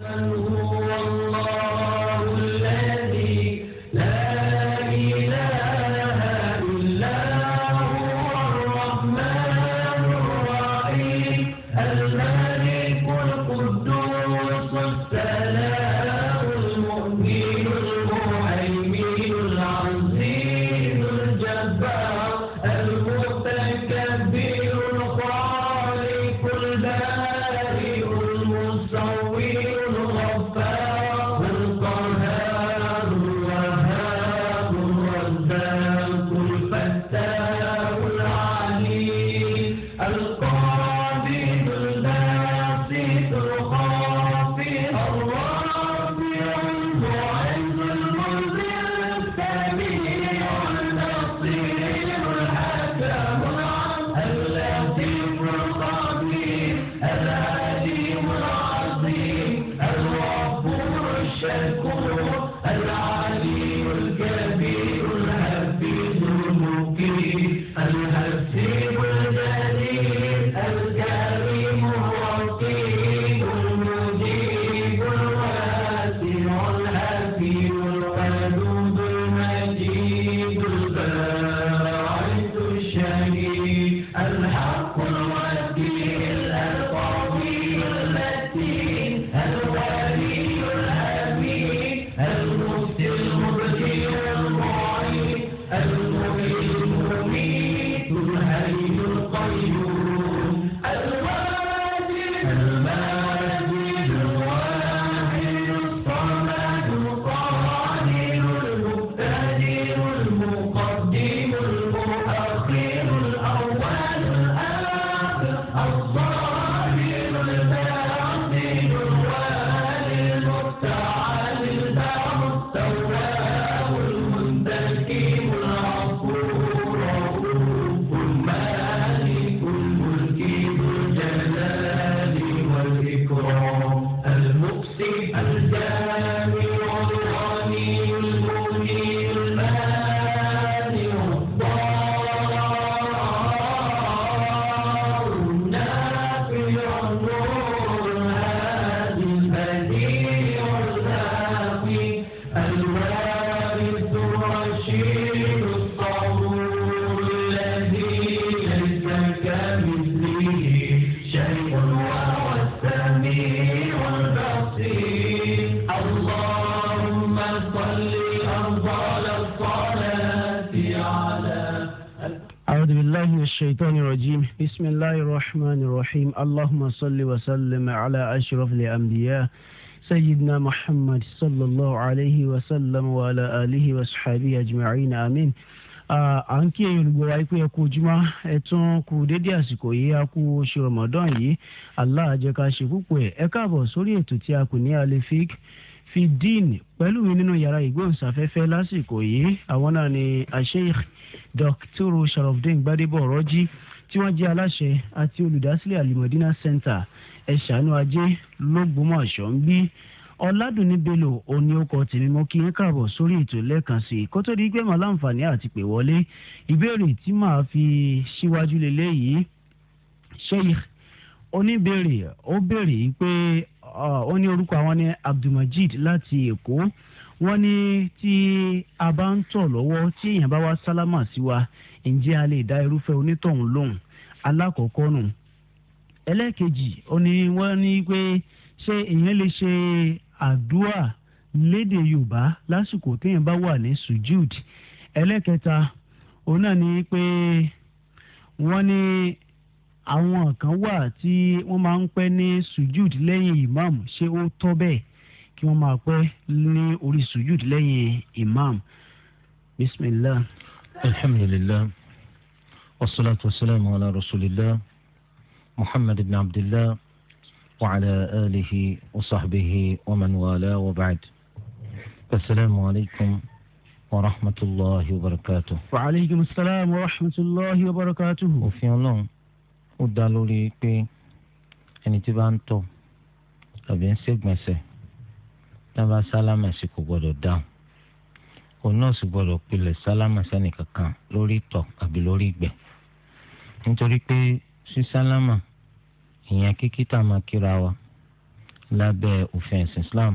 هو الله Kuna wanna be بالله من الشيطان الرجيم بسم الله الرحمن الرحيم اللهم صل وسلم على أشرف الأنبياء سيدنا محمد صلى الله عليه وسلم وعلى آله وصحبه أجمعين آمين à ń kí ẹ̀yin olùgbọ́ wa pé ẹ kú ojúmọ́ ẹ tún kú dédé àsìkò yìí a kú oṣù Ramadan yìí Allah á jẹ́ ká ṣe púpọ̀ ẹ̀ ẹ káàbọ̀ sórí ètò tí a kò ní alefik fi dín pẹ̀lú mi nínú yàrá ìgbóhùnsáfẹ́fẹ́ lásìkò yìí àwọn náà ni Sheikh dr sharafdin gbadebo ọ̀rọ̀jì tí wọ́n jẹ́ aláṣẹ àti olùdásílẹ̀ alimọ̀dínà center ẹ̀ṣánú ajé lọ́gbọ́mọ̀ṣọ́ ń bí ọ̀làdùnní bello òní ọkọ̀ tèmi mọ́ kí n káàbọ̀ sórí ètò lẹ́ẹ̀kan sí i kó tó di pé màá láǹfààní àti pè wọlé ìbéèrè tí màá fi síwájú lélẹ́yìí sheikh oníbèrè ó béèrè pé ó ní orúkọ àwọn ní abdulmajid láti èkó wọ́n ní tí a bá ń tọ̀ lọ́wọ́ tí èèyàn bá wá sálámà sí wa ǹjẹ́ a lè dá irúfẹ́ onítọ̀hún lóhùn alákọ̀ọ́kọ́ nù ẹlẹ́ẹ̀kejì ó wọ́n ní pé ṣé èèyàn lè ṣe àdúrà lédè yorùbá lásìkò téèyàn bá wà ní sujud ẹlẹ́ẹ̀kẹta òun náà ni pé wọ́n ní àwọn kan wà tí wọ́n máa ń pẹ́ ní sujud lẹ́yìn imam ṣé ó tọ́ bẹ́ẹ̀ kí wọ́n máa pẹ́ ní orí sujud lẹ́yìn imam bismillah. alhamdulilah wasalaatu wasalaamu ala rasulillah muhammad ibn abdillah wa ala alihi wa sahbihi wa man wala wa ba'd asalaamu alaykum. As ورحمة الله وبركاته وعليكم السلام ورحمة الله وبركاته òfin ọlọ́run ó dá lórí pé ẹni tí bá ń tọ̀ àbí ń ṣègbọ̀nsẹ̀ tá a bá sálámà sí kò gbọ́dọ̀ dáhùn òun náà sì gbọ́dọ̀ pilẹ̀ sálámà sẹ́nì kankan lórí ìtọ̀ àbí lórí ìgbẹ́ nítorí pé sí sálámà ìyẹn kíkítà máa kíra wa lábẹ́ òfin ẹ̀sìn Islam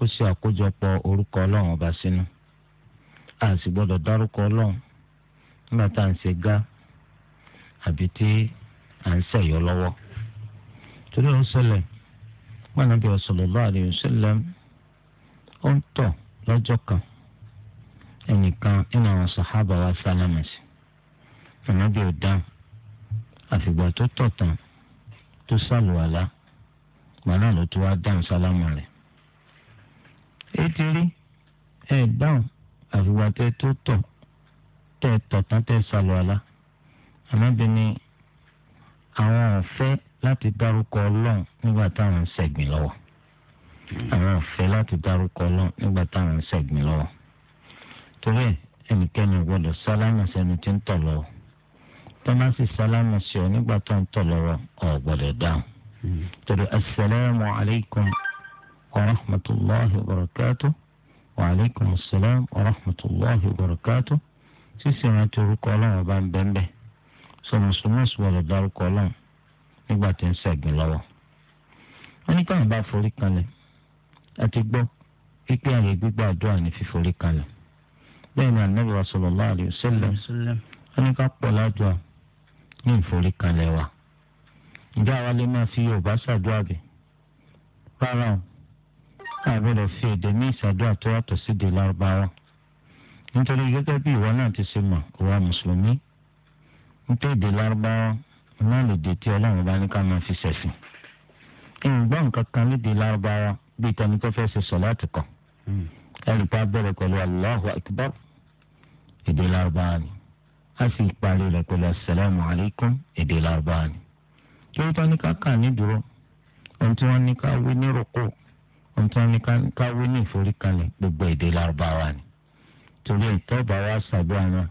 ó ṣe àkójọpọ̀ orúkọ ọlọ́run ọba sínú a sì gbọ́dọ̀ dárúkọ ọlọ́run nígbà tá à ń ṣe gá àbí tí à ń ṣẹ̀yọ́ lọ́wọ́ torí ó ṣẹlẹ̀ pànàbí sallallahu alayhi wa sallam ó ń tọ̀ lọ́jọ́ kan ẹnìkan nínú àwọn sàhábà wa sálámà sí pànàbí ò dáhùn àfìgbà tó tọ̀ tán tó sàlùwàlá gbàdá ló tó wá dáhùn sálámà rẹ̀ ètí rí ẹ̀ dáhùn àfìgbà tẹ́ tó tọ̀ tẹ́ tọ̀ tán tẹ́ sàlùwàlá àmọ́bìnrin àwọn ọ̀fẹ́ láti dárúkọ ọlọ́run nígbà táwọn ń ṣẹ̀gbìn lọ́wọ́ àwọn ọ̀fẹ́ láti dárúkọ ọlọ́run nígbà táwọn ń ṣẹ̀gbìn lọ́wọ́ torí ẹnikẹ́ni gbọ́dọ̀ sálámà sẹ́ni tí ń tọ̀ lọ́wọ́ tọ́másì sálámà sí ọ nígbà tó ń tọ̀ lọ́wọ́ ọ̀ gbọ́dọ̀ dáhùn torí asalaamu alaykum wa rahmatulahi wa barakatu wa alaykum salaam wa rahmatulahi barakatu sísè wọn ti orúkọ ọlọ́run ọba ń bẹ́ńbẹ́ sọ mùsùlùmí sùwọ́n lọ dárúkọ ọlọ́run nígbà tí ń ṣẹ̀gbìn lọ́wọ́ wọ́n ní káwọn bá forí kanlẹ̀ àti gbọ́ pípé àyè gbígbà àdúrà ní fíforí kanlẹ̀ bẹ́ẹ̀ ni Ànábì wa sallallahu alayhi wa sallam wọ́n ní ká pọ̀ ládùá ní ìforí kanlẹ̀ wa ǹjẹ́ àwa lè máa fi Yorùbá ṣàdúrà bẹ̀ rárá o àbẹ̀rẹ̀ fi èdè ní ìṣàdúrà tó yàtọ̀ sí èdè lárúbáwá nítorí gẹ́gẹ́ bí ìwọ náà ti ṣe mọ̀ ìwà mùsùlùmí nítorí èdè náà lèdè tí ọlọ́run bá ní ká máa fi ṣẹ̀sìn. ìgbọ́n nǹkan kan lédè lárúbáwá bíi tẹni tó fẹ́ ṣe sọ̀láàtì kan hmm. ẹnìkan bẹ̀rẹ̀ pẹ̀lú Allahu Akbar èdè lárúbáwá ni a sì parí rẹ̀ pẹ̀lú asalaamu alaykum èdè lárúbáwá ni. lórí tó ká kà ní dúró ohun tí wọ́n ní ká wí ní rúkú ohun tí wọ́n ní ká wí ní ìforíkalẹ̀ gbogbo èdè lárúbáwá ni. torí ìtọ́ba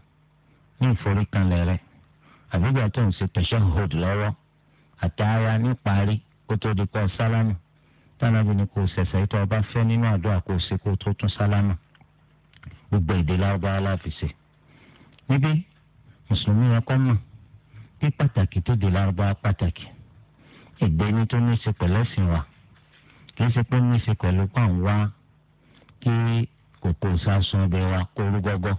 àbígbà tó ń ṣe tashahhud lọ́wọ́ àtàyà níparí kó tó di kọ́ sálámù tánàbí ni kò ṣẹ̀ṣẹ̀ tó ọba fẹ́ nínú àdúrà kó ṣe kó tó tún sálámù gbogbo èdè lárúbáwá láfi ṣe. níbí mùsùlùmí yẹn kọ́ bí pàtàkì tó dé lárúbáwá pàtàkì ìgbéni tó ní í ṣe pẹ̀lẹ́sìn wa kì í ṣe pé ní í ṣe pẹ̀lú pàm wá kí kòkò sásun ọbẹ̀ wa kó rú gọ́gọ́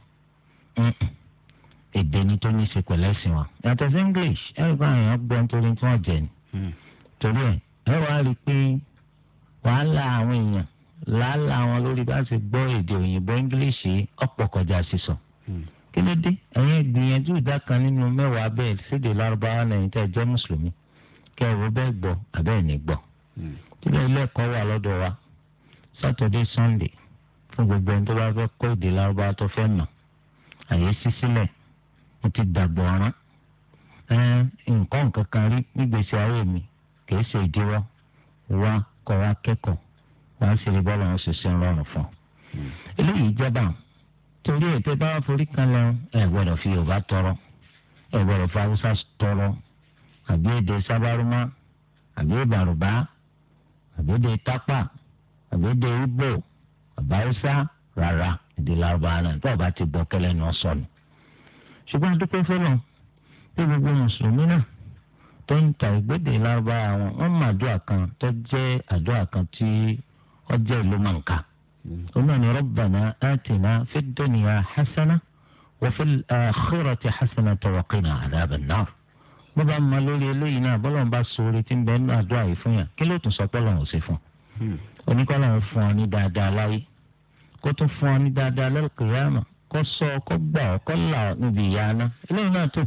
èdè ni tó ní í ṣe pẹ̀lẹ́ sí wọn. yàtọ̀ sí english ẹ̀rọ bá àwọn èèyàn gbọ́ nítorí tí wọ́n jẹ ni. Hmm. torí ẹ̀ ẹ wá rí i pé wàhálà àwọn èèyàn làálà wọn lórí bá ṣe gbọ́ èdè òyìnbó english ọ̀pọ̀ kọjá sísọ. Hmm. kí ló dé ẹ̀yin gbìyànjú ìdá kan nínú mẹ́wàá bẹ́ẹ̀ síde lárúbáwá lẹ́yìn tẹ́ jẹ́ mùsùlùmí kẹrù bẹ́ẹ̀ gbọ́ àbẹ́ẹ̀ ní gbọ́. tíbẹ̀ hmm. ilé ẹ̀kọ́ wà lọ́dọ̀ wa saturday sunday fún gbogbo ẹni tó bá fẹ́ kọ́ èdè lárúbáwá tó fẹ́ mọ̀ àyè sí mo ti dàgbọ̀ ọ̀ràn nǹkan nǹkan kan rí nígbèsè ayé mi kìí ṣe ìdíwọ́ wá kọ́ wa kẹ́kọ̀ọ́ wá sí ibi bọ́ọ̀lù àwọn ṣiṣẹ́ ńlọrùn fún un. eléyìí jẹba torí ètò ìbáwá forí kan lọ ẹ gbọ́dọ̀ fi yorùbá tọrọ ẹ gbọ́dọ̀ fi haúsá tọrọ àbí èdè sábárúmá àbí ìbàrùbá àbí èdè tápà àbí èdè igbó àbáwúsá rárá èdè lárúbá náà tó o bá ti gbọ́ kẹlẹ ní ọsọ nù ṣùgbọ́n adúpẹ́ fọlọ́ pé gbogbo mùsùlùmí náà tó ń ta ìgbédè lárúbáwá wọn wọn mọ àdúrà kan tó jẹ́ àdúrà kan tí ó jẹ́ ìlú mọ̀nká. ọmọ ní rabbana atina fid dunya hasana wa fil akhirati hasana wa qina adhaban nar. bó bá mọ lórí eléyìí náà bọ́lá ń bá sóore tí ń bẹ nínú àdúrà yìí fún yàn kí ló tún sọ pé Ọlọ́run ò fún un. oníkọ́ hmm. fún ọ ní dáadáa láyé kó tún fún ọ ní dáadáa lal kó sọ kó gbà kó là níbi ìyá aná eléyìí náà tó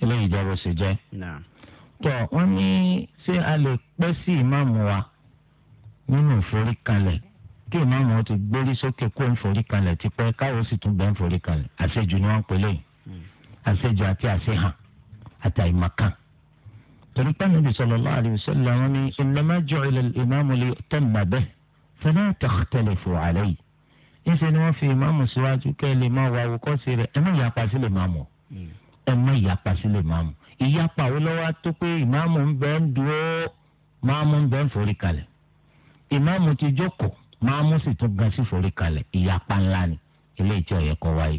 eléyìí jẹ́ bó ṣe jẹ́. tó wọ́n ní ṣé a lè pẹ́ sí ìmáàmù wa nínú ìforíkalẹ̀ kí ìmáàmù wọn ti gbérí sókè kó ìforíkalẹ̀ ti pẹ́ káwọ́ sì tún bẹ́ẹ̀ ìforíkalẹ̀ àṣejù ni wọ́n pè léyìí hmm. àṣejù àti àṣehàn àtàìmọ̀kan torí pẹ́ẹ́nì bí sallallahu alayhi wa wọn ni innama ju'ila al-imamu li yu'tamma níṣẹ́ ni wọ́n fi ìmáàmù síwájú kẹ́ ẹ lè máa wà àwòkọ́sí rẹ̀ ẹ má yàpá sí lè máa mọ̀ hmm. ẹ má yàpá sí lè máa mọ̀ ìyapa wo lọ́wọ́ tó pé ìmáàmù ń bẹ ń dúró máàmù ń bẹ ń forí kalẹ̀ ìmáàmù ti jókòó máàmù sì tún gan sí forí kalẹ̀ ìyapa ńlá ni ilé ìjọ yẹ kọ́ wáyé.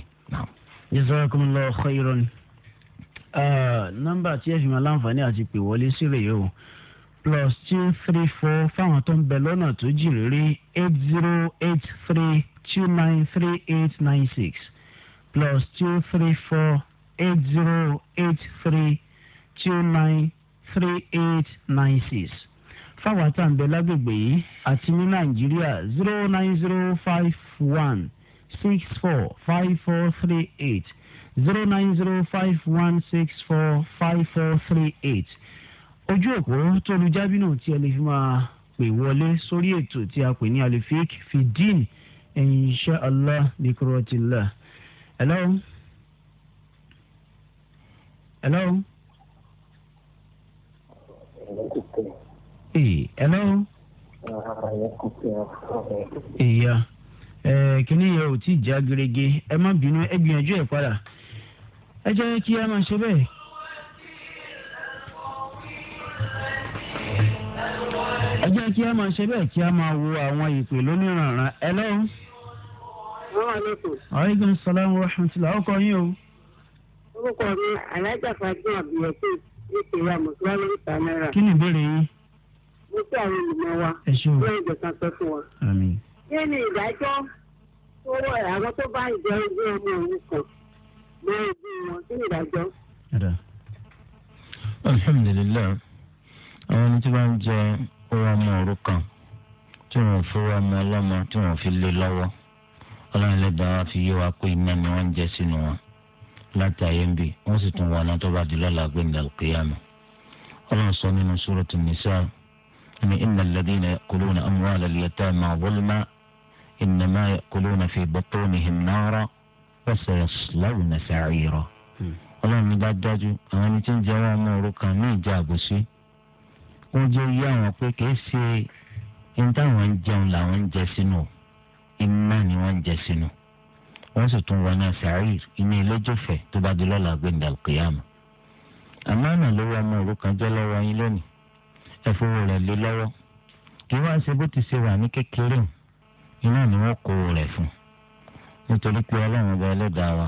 jazakumullahu khairan ah, nọ́mbà tí ẹ fi máa láǹfààní àti pè wọlé sílẹ̀ yìí o plus two three four fáwọn tó ń bẹ lọ́nà tó jì rírí eight zero eight three two nine three eight nine six plus two three four eight zero eight three two nine three eight nine six fáwọn tá à ń bẹ lágbègbè yìí àti ní nàìjíríà zero nine zero five one six four five four three eight zero nine zero five one six four five four three eight ojú òpó tó lu jábínú tí ẹ lè fi máa pè wọlé sórí ètò tí a pè ní alifik fidin insha Allah nìkúrọ̀tìlá. hello. hello. Hey, hello. ìyá kínní yẹn ò tí ì já gerege ẹ má bínú ẹ gbìyànjú ẹ padà ẹ jẹ́ kí a máa ṣe bẹ́ẹ̀ ẹ jẹ́ kí a máa ṣe bẹ́ẹ̀ kí a máa wo àwọn ìpè lóníranran ẹ lọ́wọ́. aleykum salaam wa rahmatulah ọkọ yín o. orúkọ mi alájà fàájì àbíyẹ̀kẹ́ nípìnlẹ̀ àmọ̀tíwá lórí ìta náírà. kí ni ìbéèrè yín. mo kí àwọn olùmọ̀ wa lórí ìjọsán sọ fún wa. kí ni ìdájọ́ tó àwọn tó bá ìjọ ojú ọmọ òun kan tí wọ́n fi lé lọ́wọ́ ọlọ́run lè dá wa fi yé wa kó iná ni wọ́n jẹ sínú wọn láti ayé ń bì wọ́n sì tún wọn náà tó bá di lọ́la gbẹ̀ndà al-qiyamah ọlọ́run sọ nínú sọrọ tó ni ni inna alladhina ya'kuluna amwala al-yatama zulman innama ya'kuluna fi butunihim nara wa sayaslawna sa'ira ọlọ́run ní bá dájú àwọn ẹni tí ń jẹ́ wọn mọ orúkọ ní ìjà àgùsí wọ́n jẹ́ yí àwọn pé kìí ṣe ní táwọn ń jẹun làwọn ń jẹ sínú iná ni wọ́n ń jẹ sínú wọ́n sì tún wọná sàárì iná ẹlẹ́jọ̀fẹ́ tó bá di lọ́la gbẹ̀ndà kìyàmù. àmánà ló wọ ọmọ òrukàn jẹ́ lọ́wọ́ yín lónìí ẹ̀fọ́wọ́ rẹ̀ lé lọ́wọ́ kí wọ́n á ṣe bó ti ṣe wà ní kékeré iná ni wọ́n kó rẹ̀ fún nítorí pé ọlọ́run ọba ẹlẹ́dàá wa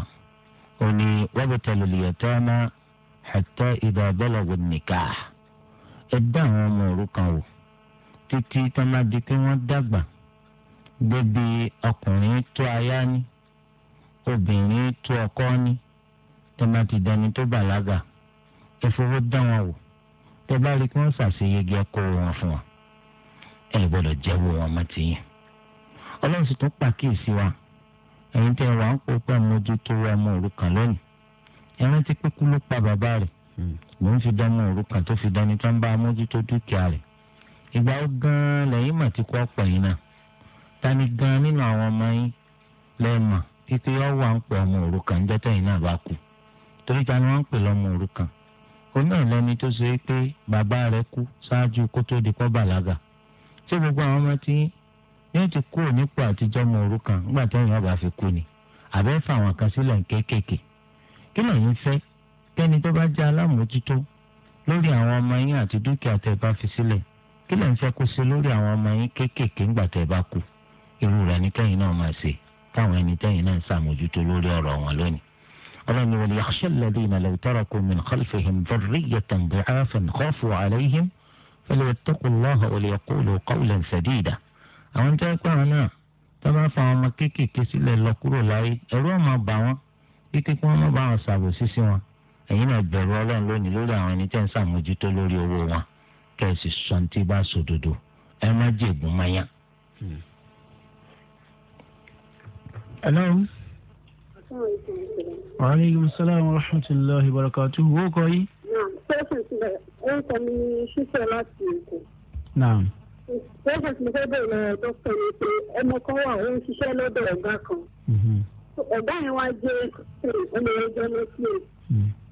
ó ní wabtalul yatama hatta idha balagu nikah ẹ dá àwọn ọmọ òrukàn wò títí tó máa di pé wọ́n dàgbà débi ọkùnrin tó aya ní obìnrin tó ọkọ ní tó máa ti dẹni tó bàlágà ẹ dá wọn wò tó bá rí kí wọ́n ṣàṣeyege ọkọ wọn fún wọn ẹ gbọ́dọ̀ jẹ́wọ́ wọn mọ́ ti yẹn ọlọ́run sì tún pàkíyèsí wa ẹ̀yin tẹ́ wà ń kópa mójútó ọmọ òrukàn lónìí ẹ̀yin ti kúkú ló pa bàbá rẹ̀ ló hmm. ń fi dánmọ́ òrukàn tó fi dání tó ń bá mójútó dúkìá rẹ̀ ìgbà ó gan lẹ́yìn mà ti kọ́ ọ̀pọ̀ yìí náà tani gan nínú àwọn ọmọ yín lẹ́ẹ̀mà títí yọ wà ń pè ọmọ òrukàn jẹ́tẹ̀ yìí náà bá kú torí ta ni wọ́n ń pè lọ́mọ òrukàn ó náà lẹ́ni tó ṣe pé bàbá rẹ̀ kú ṣáájú kó tó di kọ́ bàlágà ṣé gbogbo àwọn ọmọ tí yóò ti kú nípò àtijọ́ ọmọ òrukàn nígbà tẹ́yìn ọba fi kú ni àbẹ́ fà àwọn kan sílẹ̀ kéékèèké kí lẹ́yìn fẹ́ kẹ́ni tó bá jẹ́ alámòójútó lórí àwọn ọmọ yín àti dúkìá tẹ́ bá fi sílẹ̀ kí lè ń fẹ́ kó ṣe lórí àwọn ọmọ yín kéékèèké ńgbà tẹ́ bá kú irú rẹ̀ ní kẹ́yìn náà máa ṣe táwọn ẹni tẹ́yìn náà ń ṣàmójútó lórí ọ̀rọ̀ wọn lónìí. ọlọ́ni wal yakhsha alladhina law taraku min khalfihim dhurriyyatan dhi'afan khafu alayhim falyattaqullaha wa liyaqulu qawlan sadida. àwọn tẹ́ pé àwọn náà tó bá fa ọmọ kéékèèké sílẹ̀ lọ kúrò láyé ẹ̀rú ọmọ àwọn tẹ́ ń ṣàmójútó lórí kẹsì sọǹtì bá sòdodo ẹ má jẹgùn mayá. hello. wa aleykum salaam wa rahmatulahi wa barakatuhu wo kọ yìí. naam pẹ́sẹ̀ mi fẹ́ bẹ̀rẹ̀ lọ́wọ́ dókítà pé ọmọ kan wà ó ń ṣiṣẹ́ lọ́dọ̀ ọ̀gá kan. Mm-hmm. ọ̀gá yẹn wá jẹ́ eh, ọmọ ẹgbẹ́ lọ́sílẹ̀.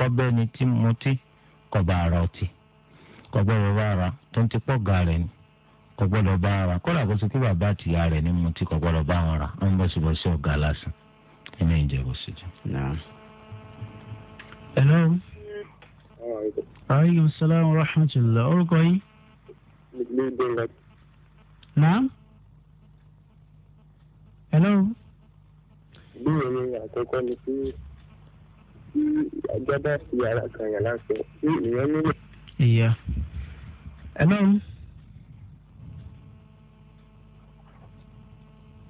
kọ́bẹ́ ni tí mutí kọba ara ọtí kọgbọ́dọ̀ bá ara tó ń ti pọ̀ ga rẹ̀ ni kọgbọ́dọ̀ bá ara kọ́dà kó sókè bàbá àtìyá rẹ̀ ni mutí kọgbọ́dọ̀ bá wọn ra wọn bọ́ sí ọ̀gá lásán ẹ̀mí ìjẹ́ bó ṣe jù. hello. aleykum salaam wa rahmatulah orúkọ yín. naam. hello. ìbéèrè àkọ́kọ́ ni pé tí ẹjọ́ bá fi ara kan yàn láṣẹ tí ìyẹn nílò. ìyá hello.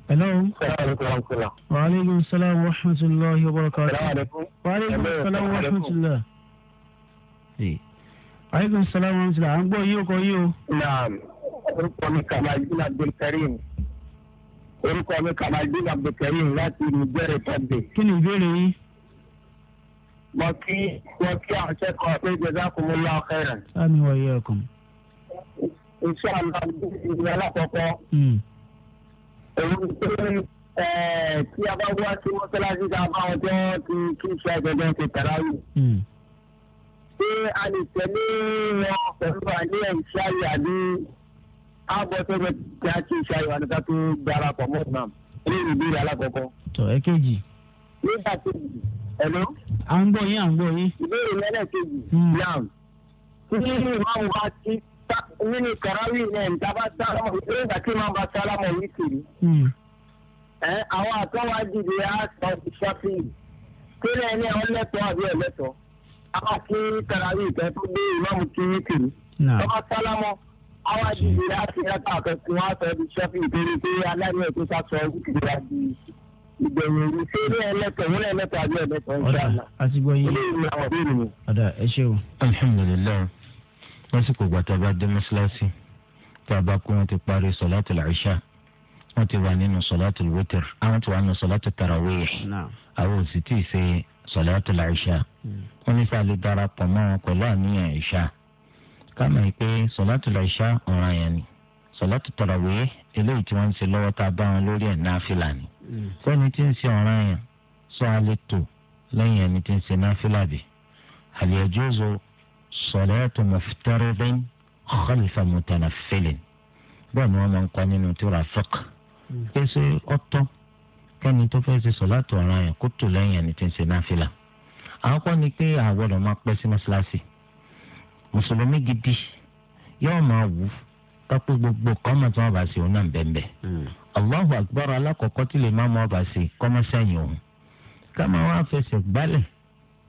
hello. wa aleykum salaam wa rahmatulahi wa barakatuh. wa aleykum salaam wa rahmatulahi. aleykum salaam wa rahmatulahi. à ń gbọ́ yí o kọ yí o. naam orúkọ mi kàmá ìdílé abdulkareem orúkọ mi kàmá ìdílé abdulkareem láti nìjẹ́rẹ̀ tọ́gbẹ̀. kí ni ìbéèrè yín mo kí mo kí àwọn akẹ́kọ̀ọ́ pé jazakumullah khairan. ami wa iyyakum. iṣẹ́ àlọ́ ìgbìyànjú alákọ̀ọ́kọ́. Hmm. èyí pé tí a bá wá sí mọ́sálásí tá a bá wọn jẹ́ ti kí iṣẹ́ gẹ́gẹ́ ti tàrà yìí. Hmm. ṣé a lè tẹ̀lé wọn pẹ̀lú àní ẹ̀ṣẹ́ ayé àbí àbọ̀ tó bẹ tí a ti ṣe àyọ̀ àníkà tó gbára pọ̀ mọ́ Hello. à ń gbọ́ yín à ń gbọ́ yín. ìbéèrè mẹ́lẹ̀kejì. yam hmm. títí ní ìmáàmù bá ti nínú kàráwì náà ń dábàá sálámù ìbéèrè ìgbà tí ìmáàmù bá sálámù yìí kiri. Hmm. ẹ àwọn àtọ́wá dìde á sọ ìṣọ́fì kílẹ̀ ẹni ẹ̀ ọlẹ́tọ̀ àbí ọlẹ́tọ̀ àwọn kí kàráwì ìtẹ́ tó gbé ìmáàmù kiri kiri. tọ́ba sálámù àwọn àdìde á ti yàtọ̀ àkẹ́kọ̀ọ́ ìgbẹ̀yìn orí ṣé ẹlẹ́tọ̀ wọlé ẹlẹ́tọ̀ àbí ẹlẹ́tọ̀ ń ṣe àná. àtìgbọ́ yìí ilé ìlú àwọn béèrè mi. ọ̀dà ẹ ṣe o. alhamdulilayi lásìkò ìgbà tá a bá dé mọ́ṣáláṣí tá a bá kó wọn ti parí sọ̀láàtì làṣà wọn ti wà nínú sọ̀láàtì ah, wẹ́tẹ̀r àwọn ti wà nínú sọ̀láàtì tarawele àwọn ò sì tí ì ṣe sọ̀láàtì làṣà hmm. wọn ní sáà lè darapọ̀ mọ́ wọn pẹ̀lú àníyàn ìṣà káàmì pé sọ̀láàtì làṣà ọ̀ranyàn ni sọ̀láàtì tarawele eléyìí tí wọ́n ń ṣe lọ́wọ́ tá a bá wọn lórí ẹ̀ náà fìlà ni sẹ́ni tí ń ṣe ọ̀ràn yẹn sọ alẹ́ tó lẹ́yìn ẹni tí ń ṣe náfìlà bì hal yajuzu salatu muftaridin khalfa mutanaffilin bẹ́ẹ̀ ni wọ́n máa ń kọ́ nínú tírà fiqh pé hmm. ṣé ọ̀tọ̀ kẹ́ni tó fẹ́ ṣe sọ̀láàtù ọ̀ràn yẹn kó tó lẹ́yìn ẹni tí ń ṣe náfìlà àwọn ni pé àwọ̀dọ̀ máa pẹ́ allahu akbar alakọkọ tí lè má mọ ọba sí kọmọsẹyìn òun ká máa wá fẹsẹ̀ gbálẹ̀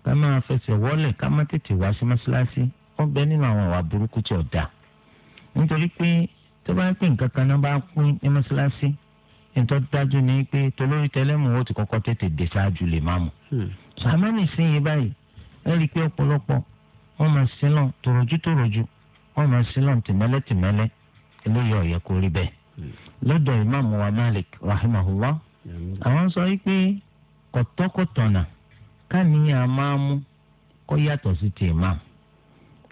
ká máa fẹsẹ̀ wọlẹ̀ ká má tètè wá sí mọ́ṣáláṣí ó bẹ nínú àwọn ìwà burúkú tí ò dáa nítorí pé tó bá ń pè nǹkan kan náà bá ń pín ní mọ́ṣáláṣí nítorí dájú ni pé tolórí tẹlẹ́mù ó ti kọ́kọ́ tètè dé ṣáájú lè má mu. sàmánì sí iye báyìí ẹ rí i pé ọ̀pọ̀lọpọ̀ wọ́n máa sílọ̀ tòròjú tòròjú wọ́n máa sílọ̀ tìmẹ́lẹ́tìmẹ́lẹ́ eléyìí ọ̀yẹ́ kò bẹ́ẹ̀. lọ́dọ̀ ìmáàmù wa malik rahimahullah àwọn sọ wípé kọ̀tọ́kọ̀tọ̀nà káníyàn máa mú yàtọ̀ sí imam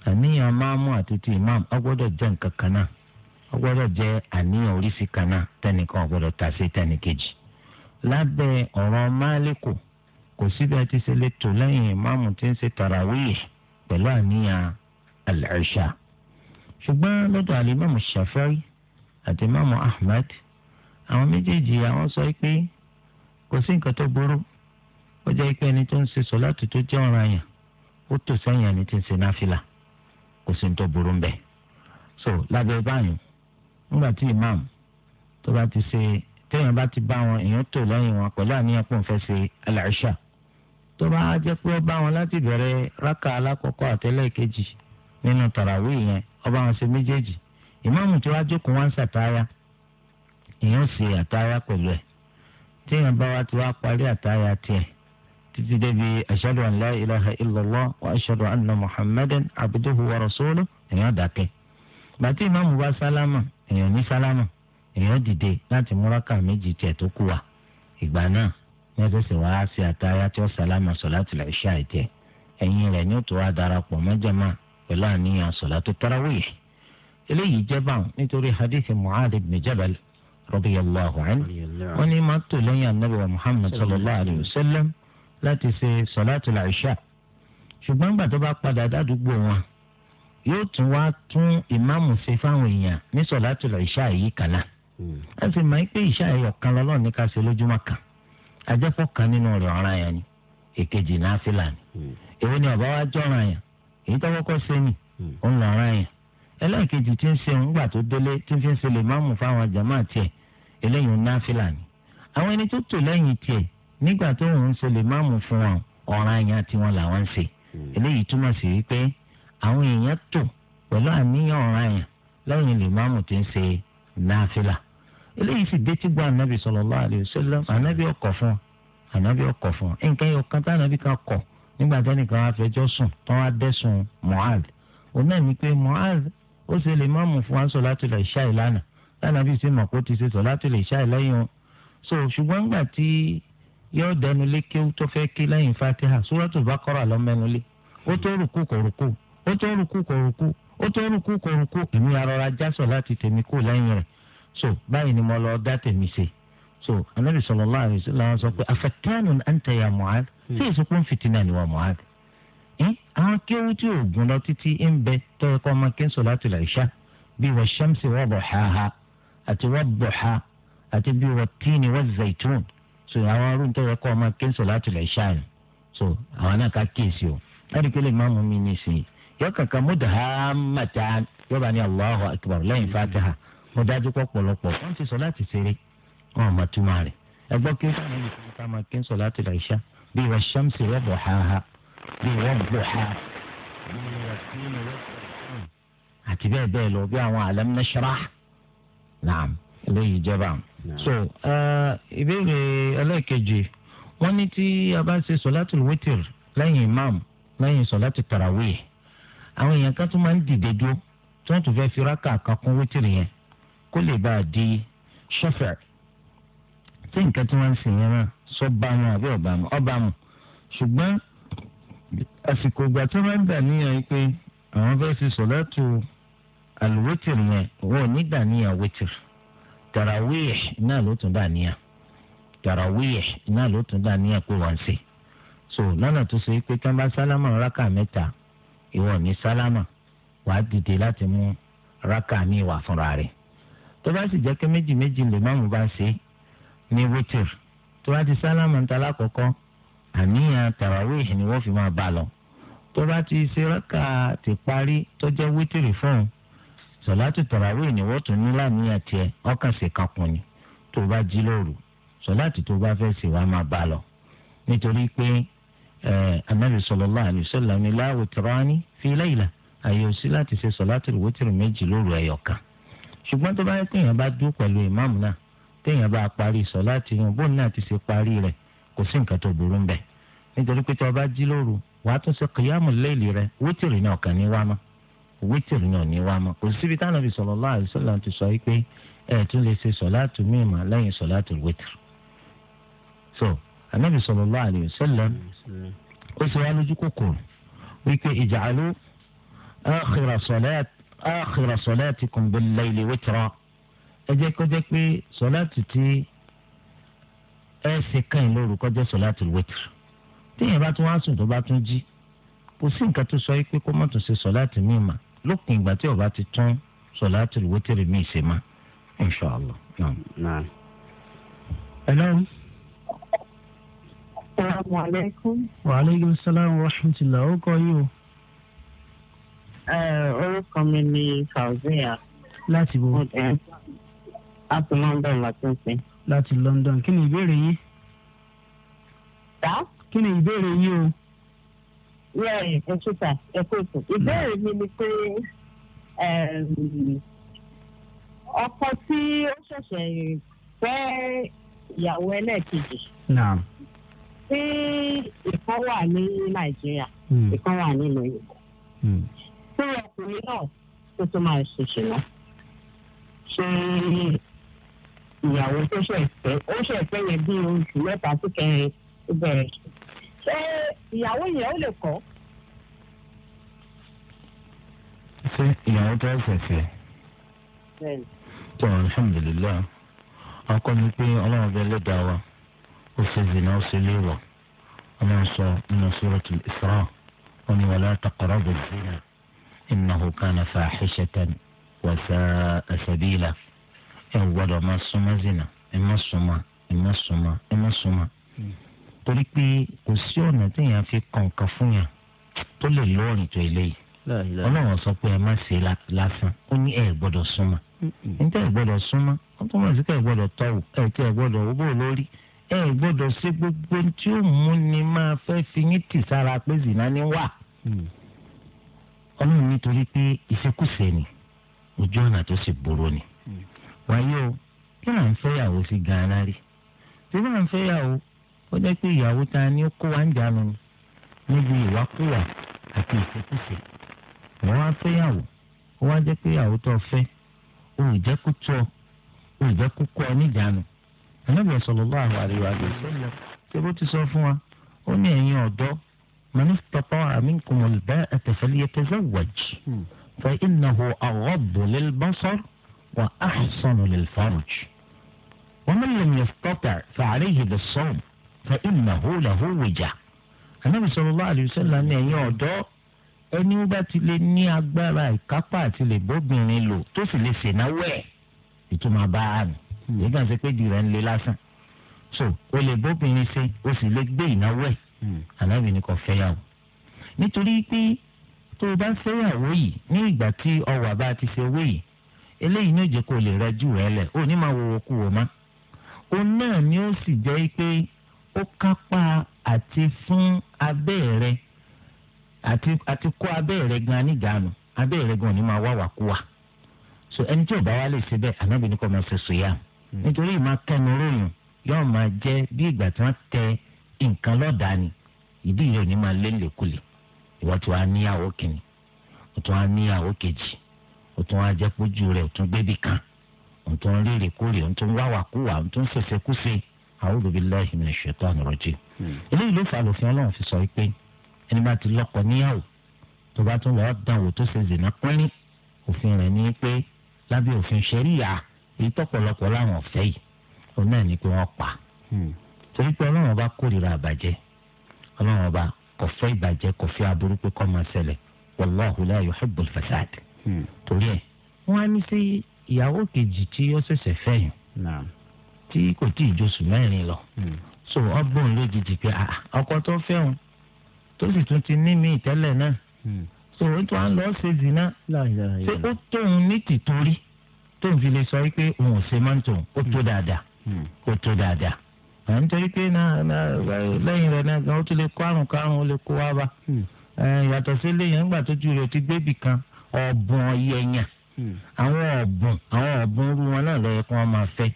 àníyàn máa àti ti imam ó jẹ́ nǹkan kan náà ó jẹ́ àníyàn oríṣi kan náà tẹnìkan tà sí tẹnìkejì lábẹ́ ọ̀rọ̀ máàlíkù kò síbi àti ṣẹlẹ̀ tó lẹ́yìn tí ń ṣe pẹ̀lú àníyàn àti imaamu ahmed àwọn méjèèjì àwọn sọ pé kò sí nǹkan tó burú ó jẹ́ pé ẹni tó ń ṣe sọ́láàtì tó jẹ́ ọ̀ranyàn ó tò sẹ́yìn ẹni tí ń ṣe náfìlà kò sí nǹkan tó burú ń bẹ̀. so lábẹ́ báyìí nígbà tí Imam, tó bá ti ṣe téèyàn bá ti bá wọn èèyàn tò lẹ́yìn wọn pẹ̀lú àníyàn pò ń fẹ́ ṣe aláìṣà tó bá jẹ́ pé ó bá wọn láti bẹ̀rẹ̀ rákà alákọ̀ọ́kọ́ àtẹ́lẹ̀ kejì nínú tàràwí yẹn ó ìmáàmù tí wàá jókòó wá ń ṣàtáyà èèyàn ṣe àtáyà pẹ̀lú ẹ̀ tí èèyàn bá wá ti wá parí àtáyà tiẹ̀ títí débi ashhadu an la ilaha illallah wa ashhadu anna muhammadan abduhu wa rasuluhu èèyàn dákẹ́ bàtí ìmáàmù bá sálámà èèyàn ní sálámà èèyàn dìde láti múraká méjì tiẹ̀ tó kù wá ìgbà náà ní ẹsẹ̀ sì wá sí àtáyà tí ó sálámà solatul isha tiẹ̀ ẹ̀yìn rẹ̀ ní ó tó wá darapọ̀ mọ́ pẹ̀lú àníyàn solatul tarawih eléyìí jẹ́ báwọn nítorí hadith mu'adh ibn jabal radiyallahu anhu wọn ní máa tò lẹ́yìn anabi wa muhammad sallallahu alayhi wa sallam láti ṣe sọláàtì làṣà ṣùgbọ́n gbà tó bá padà dádúgbò wọn yóò tún wá tún ìmáàmù ṣe fáwọn èèyàn ní sọláàtì làṣà yìí kàlà ẹ hmm. sì máa ń pé ìṣà ẹyọ kan lọ́lọ́run ní ká ṣe lójúmọ́ kan ajẹ́pọ̀ kan nínú rẹ̀ ọ̀ràn yẹn ni èkejì náà fìlà ni hmm. èwo ni ọ̀bá wa jọ̀ràn yẹn èyí tó kọ́kọ́ ṣe ni ó hmm. yẹn ẹlẹ́ẹ̀kejì tí ń ṣe ńgbà tó délé tí ń fi ń ṣe lè máàmù fáwọn jàmá tiẹ̀ eléyìí ń náfìlà ni àwọn ẹni tó tò lẹ́yìn tiẹ̀ nígbà tó ń ṣe lè máàmù fún wọn ọ̀ràn àyàn tiwọn làwọn ń ṣe hmm. eléyìí túmọ̀ sí wípé àwọn èèyàn tò pẹ̀lú àníyàn ọ̀ràn àyàn lẹ́yìn lè máàmù tí ń ṣe náfìlà eléyìí sì dé tí gbọ́ ànábì sallallahu alaihi wasallam ànábì ọkọ̀ fún ànábì ó ṣe lè má mú fún wa solatul isha ìlànà lánàá bíi ṣe mọ̀ kó ti ṣe solatul isha ìlẹ́yìn o so ṣùgbọ́n gbà tí yóò dẹnu lé kéwú tó fẹ́ ké lẹ́yìn fatiha suratul baqara lọ mẹ́nu lé ó tó rùkú kòrùkú ó tó rùkú kòrùkú ó tó rùkú kòrùkú èmi arọra jásọ láti tèmi kú lẹ́yìn rẹ̀ so báyìí ni mo lọ dá tèmi ṣe so anabi sallallahu alaihi wasallam sọ pé afatanu anta ya Mu'adh hmm. tí èso kún fìtínà Hm? àwọn kéwú tí oògùn lọ títí ń bẹ tọ́yẹ kọ́ ọmọ kí n sọ láti là ìṣá bíi wọ́n ṣẹ́mṣì wọ́n bọ̀ háha àti wọ́n bọ̀ ha àti bíi wọ́n tíìnì wọ́n zaitun so àwọn arúgbó tọ́yẹ kọ́ ọmọ kí n sọ láti là ìṣá ni so àwọn náà ká kíyèsí o láti pé lè má mú mi ní ìsìn yọ kankan mú dàhámàtà yọba ní Allahu akbar lẹ́yìn fatiha mo dájú pọ̀ pọ̀lọpọ̀ wọ́n ti sọ láti ṣeré wọn ò máa rẹ̀ ẹgbọ́n kí n sọ láti là ìṣá bíi wọ́n ṣẹ́mṣì wọ́n bọ̀ háha بوضوحها àti bẹ́ẹ̀ bẹ́ẹ̀ lọ bí àwọn alam nashrah naam eléyìí jẹba so ìbéèrè ẹlẹ́ẹ̀kejì wọ́n ní tí a bá ṣe sọ́látùl wítìr lẹ́yìn imam lẹ́yìn sọ́látù tarawih àwọn èèyàn kan tún máa ń dìde dúró tí wọ́n tún fẹ́ fi rákà kan kún wítìr yẹn kó lè bá a di ṣọ́fẹ̀ tí nǹkan tí wọ́n ń sìn yẹn náà sọ bá wọn àbí ọ̀bá wọn ṣùgbọ́n àsìkò ìgbà tó máa ń dà níyàn yìí pé àwọn fẹ́ ṣe sọ̀látù àlùwẹ́tìrì yẹn wọn ò ní dà níyàn wẹ́tìrì tàràwíyẹ̀ náà ló tún dà níyàn tàràwíyẹ̀ náà ló tún dà níyàn pé wọ́n ń ṣe so lọ́nà tó ṣe pé tán bá sálámà rákà mẹ́ta ìwọ ní sálámà wàá dìde láti mú rákà míì wà fúnra rẹ̀ tó bá sì jẹ́ pé méjì méjì lè má mú bá ṣe ní wẹ́tìrì tó bá ti sálámà ń ta lákọ̀ọ́kọ́ àníyàn tarawih ni wọ́n fi máa bá lọ tó bá ti ṣe rákà ti parí tó jẹ́ wítìrì fún sọ̀látù tarawih ni wọ́n tún ní láníyàn tiẹ̀ ọkàn sì kankun ni tó bá jí lóru sọ̀látù tó bá fẹ́ ṣe wàá máa bá lọ nítorí pé anabi sallallahu alaihi wasallam ni la witrani fi layla àyè òsí láti ṣe sọ̀látù wítìrì méjì lóru ẹyọ kan ṣùgbọ́n tó bá yẹ kéèyàn bá dúró pẹ̀lú ìmáàmù náà téèyàn bá parí sọ̀látù yẹn bóun náà ti ṣe parí rẹ̀ kò sí nǹkan tó burú ńbẹ̀ nítorí pé tí o bá jí lóru wàá tún ṣe kìyàmù léèlì rẹ wítìrì náà kàn ní wá mọ́ wítìrì náà ní wá mọ́ kò síbi táwọn ibi sallallahu alaihi wasallam ti sọ yìí pé ẹ tún lè ṣe sọ̀láàtù mímọ́ lẹ́yìn sọ̀láàtù wítìrì. so anabi sallallahu alaihi wasallam ó ṣe wá lójú kòkòrò wípé ij'alu akhira salat akhira salatikum bil layli witra ẹ jẹ́ kó jẹ́ pé sọ̀láàtù tí ẹ ṣe kẹ́yìn lóru kọjá sọláàtùl wítìrì téèyàn bá tún wá sùn tó bá tún jí kò sí nǹkan tó sọ pé kó má tún ṣe sọláàtì míì mà lópin ìgbà tí ó bá ti tún sọláàtùl wítìrì míì ṣe mà inṣàlá. hello. salaamaleykum. waaleykum salaam wa rahmatulah ó kọ yín o. Uh, orúkọ mi ni fauziya. láti wo. a ti máa ń bẹ̀rù láti ń sìn láti London kí ni ìbéèrè yín. tá. kí ni ìbéèrè yín o. rẹ ẹ ṣùtà ẹ kó ètò mm. ìbéèrè mi ni pé ọkọ tí ó ṣẹ̀ṣẹ̀ fẹ́ ìyàwó ẹlẹ́ẹ̀kejì. tí ìkan wà ní Nàìjíríà mm. ìkan wà nílùú Òyìnbó. Mm. tí ọkùnrin náà tó tó máa ṣèṣe náà ṣe ìyàwó tó ṣẹ̀fẹ́ ó ṣẹ̀fẹ́ yẹn bí oṣù mẹ́ta sí kẹrin ó bẹ̀rẹ̀. ṣé ìyàwó yẹn ó lè kọ́. ṣé ìyàwó tó ṣẹ̀fẹ́. bẹ́ẹ̀ni. tó alhamdulilayi ọkọ mi pé ọlọ́run bẹ lẹ́dàá wa ó ṣe zina ó ṣe léwọ̀ ọlọ́run sọ nínú suratul Isra ó ní wala taqrabu zina innahu kana fahishatan wa sa'a sabila. ẹ gbọdọ ma súnmọ́ zina ẹ má súnmọ́ ẹ má súnmọ́ ẹ má súnmọ́ hmm. torí pé kò sí ọ̀nà fi kàn kan fún yàn tó lè lọ́ọ̀rìn tó eléyìí ọlọ́run sọ pé ẹ má ṣe lásán ó ní ẹ gbọ́dọ̀ súnmọ́ níta hmm. ẹ gbọ́dọ̀ súnmọ́ ó tún mọ̀ sí ká ẹ gbọ́dọ̀ tọ̀wọ̀ ẹ tí ẹ gbogbo tí ó mú ni máa fẹ́ fi yín tì sára zina ni. Hmm. wáyé o kí là ń fẹ́yàwó sí gan-an rí tí là ń fẹ́yàwó ó jẹ́ pé ìyàwó ta ni ó kó wa ń jánu níbi ìwákùwà àti ìṣekúṣe wọ́n wá fẹ́yàwó ó wá jẹ́ pé ìyàwó tó fẹ́ ó ì jẹ́ kó tó ó ì jẹ́ kó kó ọ níjànú Ànábì sallallahu alaihi wa sallam ṣé bó ti sọ fún wa ó ní ẹ̀yin ọ̀dọ́ man istata'a minkumul ba'ata falyatazawwaj fa innahu aghaddu lil basar. وأحسن للفرج ومن لم يستطع فعليه بالصوم فإنه له وجع النبي صلى الله عليه وسلم يعدو ẹni ó bá ti lè ní agbára ìkápá àti lè bóbìnrin lò tó sì lè ṣènáwó ẹ ìtumọ̀ bá a nù yìí kàn ṣe pé di rẹ̀ ń le lásán so o lè bóbìnrin ṣe o sì lè gbé ìnáwó ẹ hmm. ànábì ni kò fẹ́yàwó nítorí pé tó o bá fẹ́yàwó yìí ní ìgbà tí ọwọ́ àbá ti ṣe owó yìí eléyìí ní òjò le lè rẹjú rẹ lẹ̀ ó ní máa wòwò kú wò má. náà ni ó sì jẹ́ pé ó kápá àti fún abẹ́ rẹ àti àti kó abẹ́ rẹ gan ni máa wá wà kú so ẹni tí ò bá wá lè ṣe bẹ́ẹ̀ ànábì ní kò máa ṣe sòyà hmm. nítorí ìmọ̀ kẹnu ròyìn yóò máa jẹ́ bí tẹ nǹkan lọ́dàá ni ìdí rẹ̀ ò máa lé lèkulè ìwọ́n wá níyàwó ó tún wá jẹ́ pójú rẹ̀ ó tún gbébì kan ó tún rírì kórè ó tún wáwà kúwà ó tún ṣèṣe kúṣe a'udhu billahi minash shaitani rajim. Hmm. eléyìí ló fa àlòfin ọlọ́run fi sọ pé ẹni bá ti lọ́kọ níyàwó tó bá tún lọ́ọ́ dán wò tó ṣe zìnà pínrín òfin rẹ̀ ní pé lábẹ́ òfin ṣẹ́ríyà èyí tọ́pọ̀lọpọ̀ láwọn ọ̀fẹ́ yìí òun náà ní pé wọ́n pa hmm. torí pé ọlọ́run ọba kórìíra àbàjẹ́ ọlọ́run ọba kò ìbàjẹ́ kò aburú pé kó máa ṣẹlẹ̀ wallahu la yuhibbul fasad. Hmm. torí ẹ̀ wọ́n á ní sí ìyàwó kejì tí ó ṣẹ̀ṣẹ̀ fẹ́ tí kò tí ì mẹ́rin lọ hmm. so ọgbọ́n lójijì pé ah, ọkọ tó fẹ́ tó sì tún ti ní mí náà hmm. so ó tún á lọ ṣé ó tóun ní tìtorí tóun sọ pé òun ò ṣe máa ń ó tó dáadáa ó tó dáadáa à ń torí pé lẹ́yìn rẹ̀ náà ó tún lè kó àrùn ó lè kó wá bá yàtọ̀ sí lẹ́yìn nígbà ti kan ọ̀bùn ọ̀yẹ̀yàn hmm. àwọn ọ̀bùn àwọn ọ̀bùn irú wọn náà lọ́yẹ kí wọ́n máa fẹ́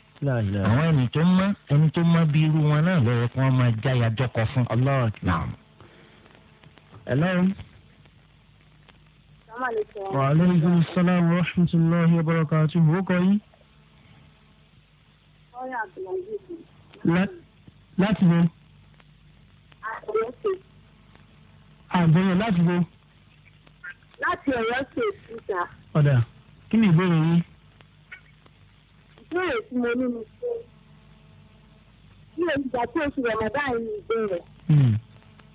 àwọn ẹni tó mọ ẹni tó mọ bí irú wọn náà lọ́yẹ kí wọ́n máa jáya jọkọ fún. hello. wa aleykum salaam wa rahmatulahi wa barakatuhu wo kọ yín. láti wo. àgbẹ̀yẹ̀ láti wo láti ọ̀yọ́ ṣe ìsúta. ọ̀dà kí ni ìbéèrè yín. ìbéèrè tí mo ní ni pé bí olùgbà tí oṣù ramadan ní ìbéèrè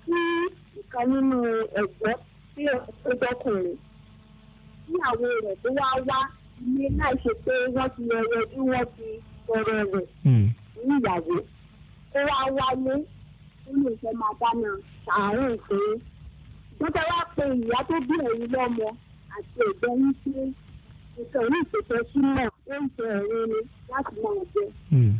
tí ìkan nínú ẹ̀gbọ́n tí ó jọkùnrin tí àwọn rẹ̀ tó wá wá ní láì ṣe pé wọ́n ti yọrọ bí wọ́n ti tọrọ rẹ̀ ní hmm. ìyàwó kó wá wálé ó lè fẹ́ máa dáná sàárùn fún wọ́n tẹ́ wá pe ìyá tó bí òun lọ́mọ àti ẹ̀gbọ́n yín sí nǹkan ní ìṣètò súnmọ́ oúnjẹ ẹ̀rín ni láti máa jẹ. ọwọ́ hmm.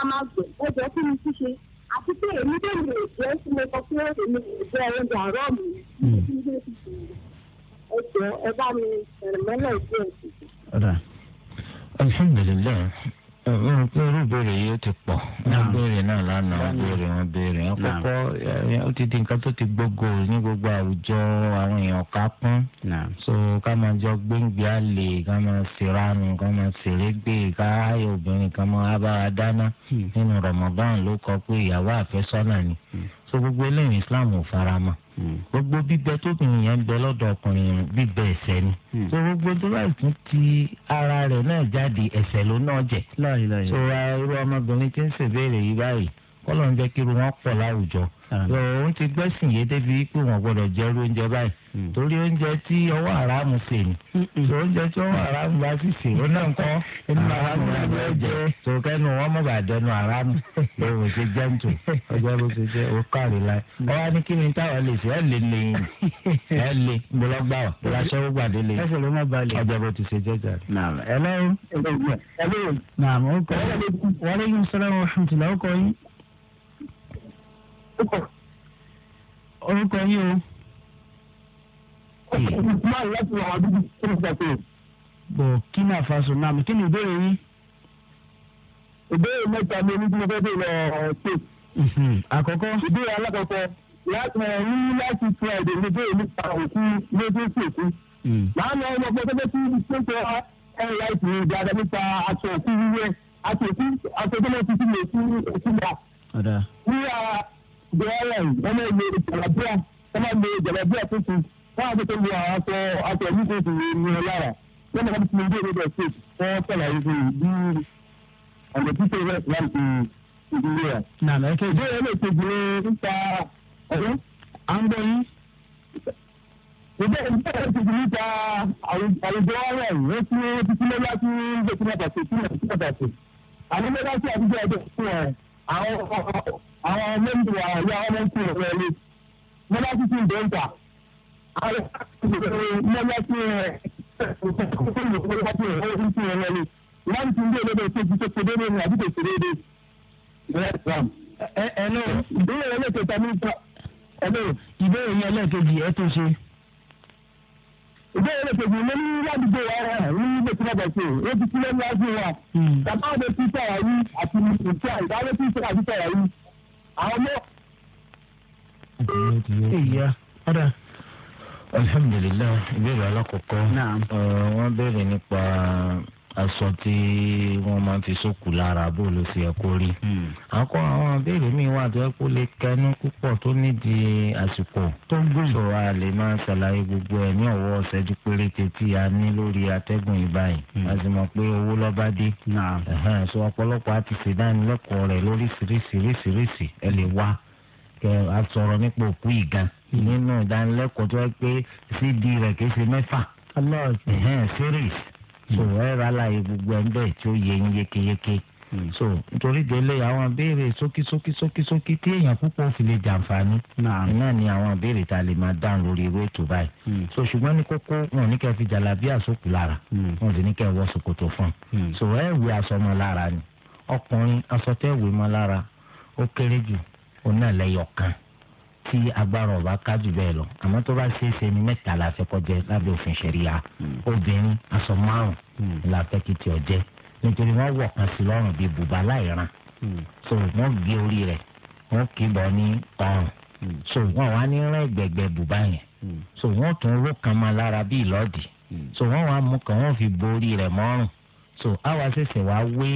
a máa gbẹ̀ ẹ̀jẹ̀ kí ni ṣíṣe àti pé èmi tó lè jẹ́ sí mo sọ pé èmi kò jẹ́ oúnjẹ àárọ̀ mi hmm. ẹ̀jẹ̀ ẹ bá mi ẹ̀rẹ̀mẹ́lẹ̀ ìgbé ẹ̀sìn. alhamdulilayi nítorí obere yìí ó ti pọ̀ wọ́n béèrè náà lánàá wọ́n béèrè wọ́n béèrè wọ́n kọ́kọ́ ó ti di so ká máa jọ gbéǹgbé àlè ká máa ṣèrànù ká máa ṣèrégbè ká ayé obìnrin kan máa bá wa dáná hmm. nínú so gbogbo eléyìí islam ò fara mọ́ hmm. gbogbo bíbẹ tóbìnrin yẹn bẹ lọ́dọ̀ ọkùnrin yẹn bíbẹ ẹsẹ̀ ni hmm. so gbogbo tó bá tún ti ara rẹ̀ náà jáde ẹsẹ̀ ló náà jẹ so irú ọmọbìnrin tí ń ṣèbéèrè yìí báyìí kọlọ̀ ń jẹ́ kí irú wọn pọ̀ láwùjọ òun ah. ti gbẹ́sìn yé débi pé wọ́n gbọ́dọ̀ jẹ́ oúnjẹ báyìí hmm. torí oúnjẹ tí ọwọ́ àràmù sè ni tó oúnjẹ tí ọwọ́ àràmù bá sì sè ó náà kọ́ inú àràmù náà bẹ́ẹ̀ jẹ́ tó kẹ́nu wọn mọ̀ bá dẹnu àràmù lòun ṣe jẹ́ǹtò ọjọ́ ló ṣe ṣe ó kárí la ọ wá ní kí ni táwọn lè ṣe ẹ lè lè yìn ẹ lè gbọlọgbà ọ bí aṣọ ó gbàdé lè ẹsẹ̀ ló má balẹ̀ ọjọ́ bó ti ṣe jẹ́jà. Nààmú ó kọ́ orúkọ yín o. Hmm. máa láti wà wá dúdú kí ni sàkó. bọ̀ kí ni àfàṣọ náà mi kí ni ìbéèrè yín. ìbéèrè mẹ́ta mi ní kí mo fẹ́ dé lọ pé. Hmm, àkọ́kọ́. ìbéèrè alákọ̀ọ́kọ́ láti ní láti fún ẹ̀dẹ̀ mi bẹ́ẹ̀ nípa òkú lójúkú òkú. màá hmm. lọ ọmọ ọgbọ́n tó bẹ́ tí ó sọ ẹ̀rọ láìpẹ́ ìdájọ́ nípa aṣọ òkú wíwẹ́ aṣọ òkú aṣọ tó lọ́ gbẹ́rẹ̀ wọ́n máa lo jàlábíà wọ́n máa lo jàlábíà tuntun wọ́n á tètè lo aṣọ aṣọ yìí tó ti ní ọ lára wọ́n máa tún lè dé ìdílé state wọ́n sọ̀rọ̀ yìí fún bí ọ̀nà títẹ̀ rẹ̀ láti ìdílé rẹ̀. nàmẹ́ kí ìdí rẹ̀ lè tètè nípa ọ̀hún. à ń gbọ́ yín. ìdí rẹ̀ tètè nípa àwùjọ rẹ̀ wọ́n ti títí lọ́wọ́ láti ń gbé sí mọ́tàṣe sí mọ́tàṣe. àní mọ́tàṣe àtijọ́ ẹ̀dọ̀ fún ẹ̀ àwọn àwọn ọmọ ń bọ̀ àwọn ìyá ọmọ ń kú ọ̀rọ̀ ẹni mo bá tún ti ń dẹ́ńtà àwọn ọmọ bá tún rẹ̀ ọmọ bá tún rẹ̀ ọmọ tún rẹ̀ ẹni láti tún dé olóde kejì tó kéde ní àbí tó kéde dé. ẹnu ìbéèrè ẹlẹ́kẹta ní ìta ẹnu ìbéèrè ní ẹlẹ́kejì ẹ tó ṣe. ìbéèrè ẹlẹ́kejì mo ní ládùúgbò wa rẹ̀ ní ilé tí wọ́n bẹ̀ ṣe ó ti kú lẹ́nu wájú wa. bàbá mi ti sọ̀rọ̀ yìí àti ìtì àìdáwó ti sọ̀rọ̀ àti sọ̀rọ̀ yìí àwọn mọ. ìyá ọ̀dà alhamdulilayi ìbéèrè alákọ̀ọ́kọ́ wọ́n béèrè nípa aṣọ tí wọ́n máa fi sókù lára bó ló ṣe ẹ̀kọ́ rí. Hmm. àkọ́ àwọn abéèrè mi wà tó ẹ̀kọ́ lè kẹnu púpọ̀ tó nídìí àsìkò tó ń gbòòrò a lè máa ṣàlàyé gbogbo ẹ̀ ní ọ̀wọ́ ṣẹ́jú péréte tí a ní lórí atẹ́gùn ìbáyìí. Hmm. a sì mọ̀ pé owó lọ́ba dé. sọ ọ̀pọ̀lọpọ̀ a ti ṣèdánilẹ́kọ̀ọ́ rẹ̀ lórí ṣìríṣìríṣìríṣì ẹ lè wá kẹ asọ̀rọ̀ nípa òkú ìgan hmm. nínú ìdánilẹ́kọ̀ọ́ tó yẹ pé cd rẹ̀ kì í ṣe mẹ́fà. series so hmm. ẹ rà láàyè gbogbo ẹ̀ ń bẹ̀ tí ó yẹ yín yékéyéké hmm. so nítorí délé àwọn béèrè sókísókí sókísókí tí èèyàn púpọ̀ fi lè jàǹfààní náà ni àwọn béèrè tá a lè máa dáhùn lórí irú ètò báyìí hmm. so ṣùgbọ́n ní kókó wọn ò ní kẹ́ fi jàlábí àsopù lára wọn ò sì ní kẹ́ wọ ṣòkòtò fún un so ẹ wí aṣọ mọ́ lára ni ọkùnrin aṣọ tẹ́ wé mọ́ lára ó kéré jù ó náà lẹ́yọ̀ kan tí agbára ọba kájú bẹ́ẹ̀ lọ àmọ́ tó bá ṣe é ṣe ni mẹ́ta la fẹ́ kọjá lábẹ́ òfin ṣẹ̀ríya hmm. obìnrin aṣọ márùn hmm. la fẹ́ kí tiọ̀ jẹ́ nítorí wọ́n wọ̀ kan sí lọ́rùn bíi bùbá láìran hmm. so wọ́n gé orí rẹ̀ wọ́n kì í bọ̀ ní ọrùn so wọ́n wá ní rán ẹ̀gbẹ̀gbẹ̀ bùbá yẹn so wọ́n tún ró kan máa lára bíi ìlọ́dì so wọ́n wá mú kan wọ́n fi bo rẹ̀ mọ́rùn so àwa ṣẹ̀ṣẹ̀ wá wé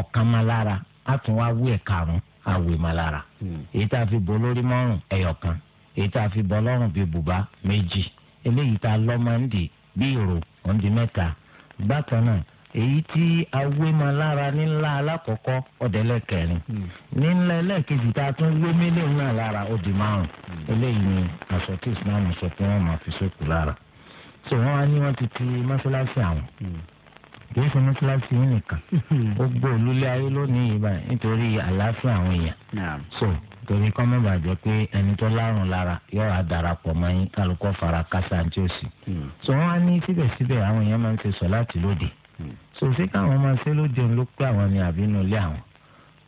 ọ̀kan máa lára á tún wá wé ẹ̀karùn-ún àwè malara hmm. èyí tá a fi bọ́ lórí mọ́rùn ẹyọkan èyí tá a fi bọ́ lọ́rùn bíi bùbá méjì eléyìí tá a lọ́ máa ń dì bí ìrò ń di mẹ́ta bákan náà èyí tí awé malara nílá alákọ̀ọ́kọ́ ọ̀dẹ́lẹ̀ kẹrin hmm. nílá ẹlẹ́ẹ̀kejì tá a tún wé mílíọ̀nù náà lára ó di márùn hmm. eléyìí ni aṣọ tí sọ pé wọ́n máa fi sókù lára so wọ́n á ní wọ́n ti ti mọ́ṣáláṣí kì í ṣe mọ́ṣáláṣí nìkan ó hmm. gbé olúlé ayé lónìí yìí báyìí nítorí àlàáfíà àwọn èèyàn so torí kọ́ mẹ́bàá jẹ́ pé ẹni tó lárùn lára yóò adarapọ̀ mọ́ yín kálukọ́ fara kásá ní tí hmm. so wọ́n á ní síbẹ̀síbẹ̀ àwọn èèyàn máa ń ṣe sọ láti lóde hmm. so ṣé káwọn máa ṣe lóde ni ilé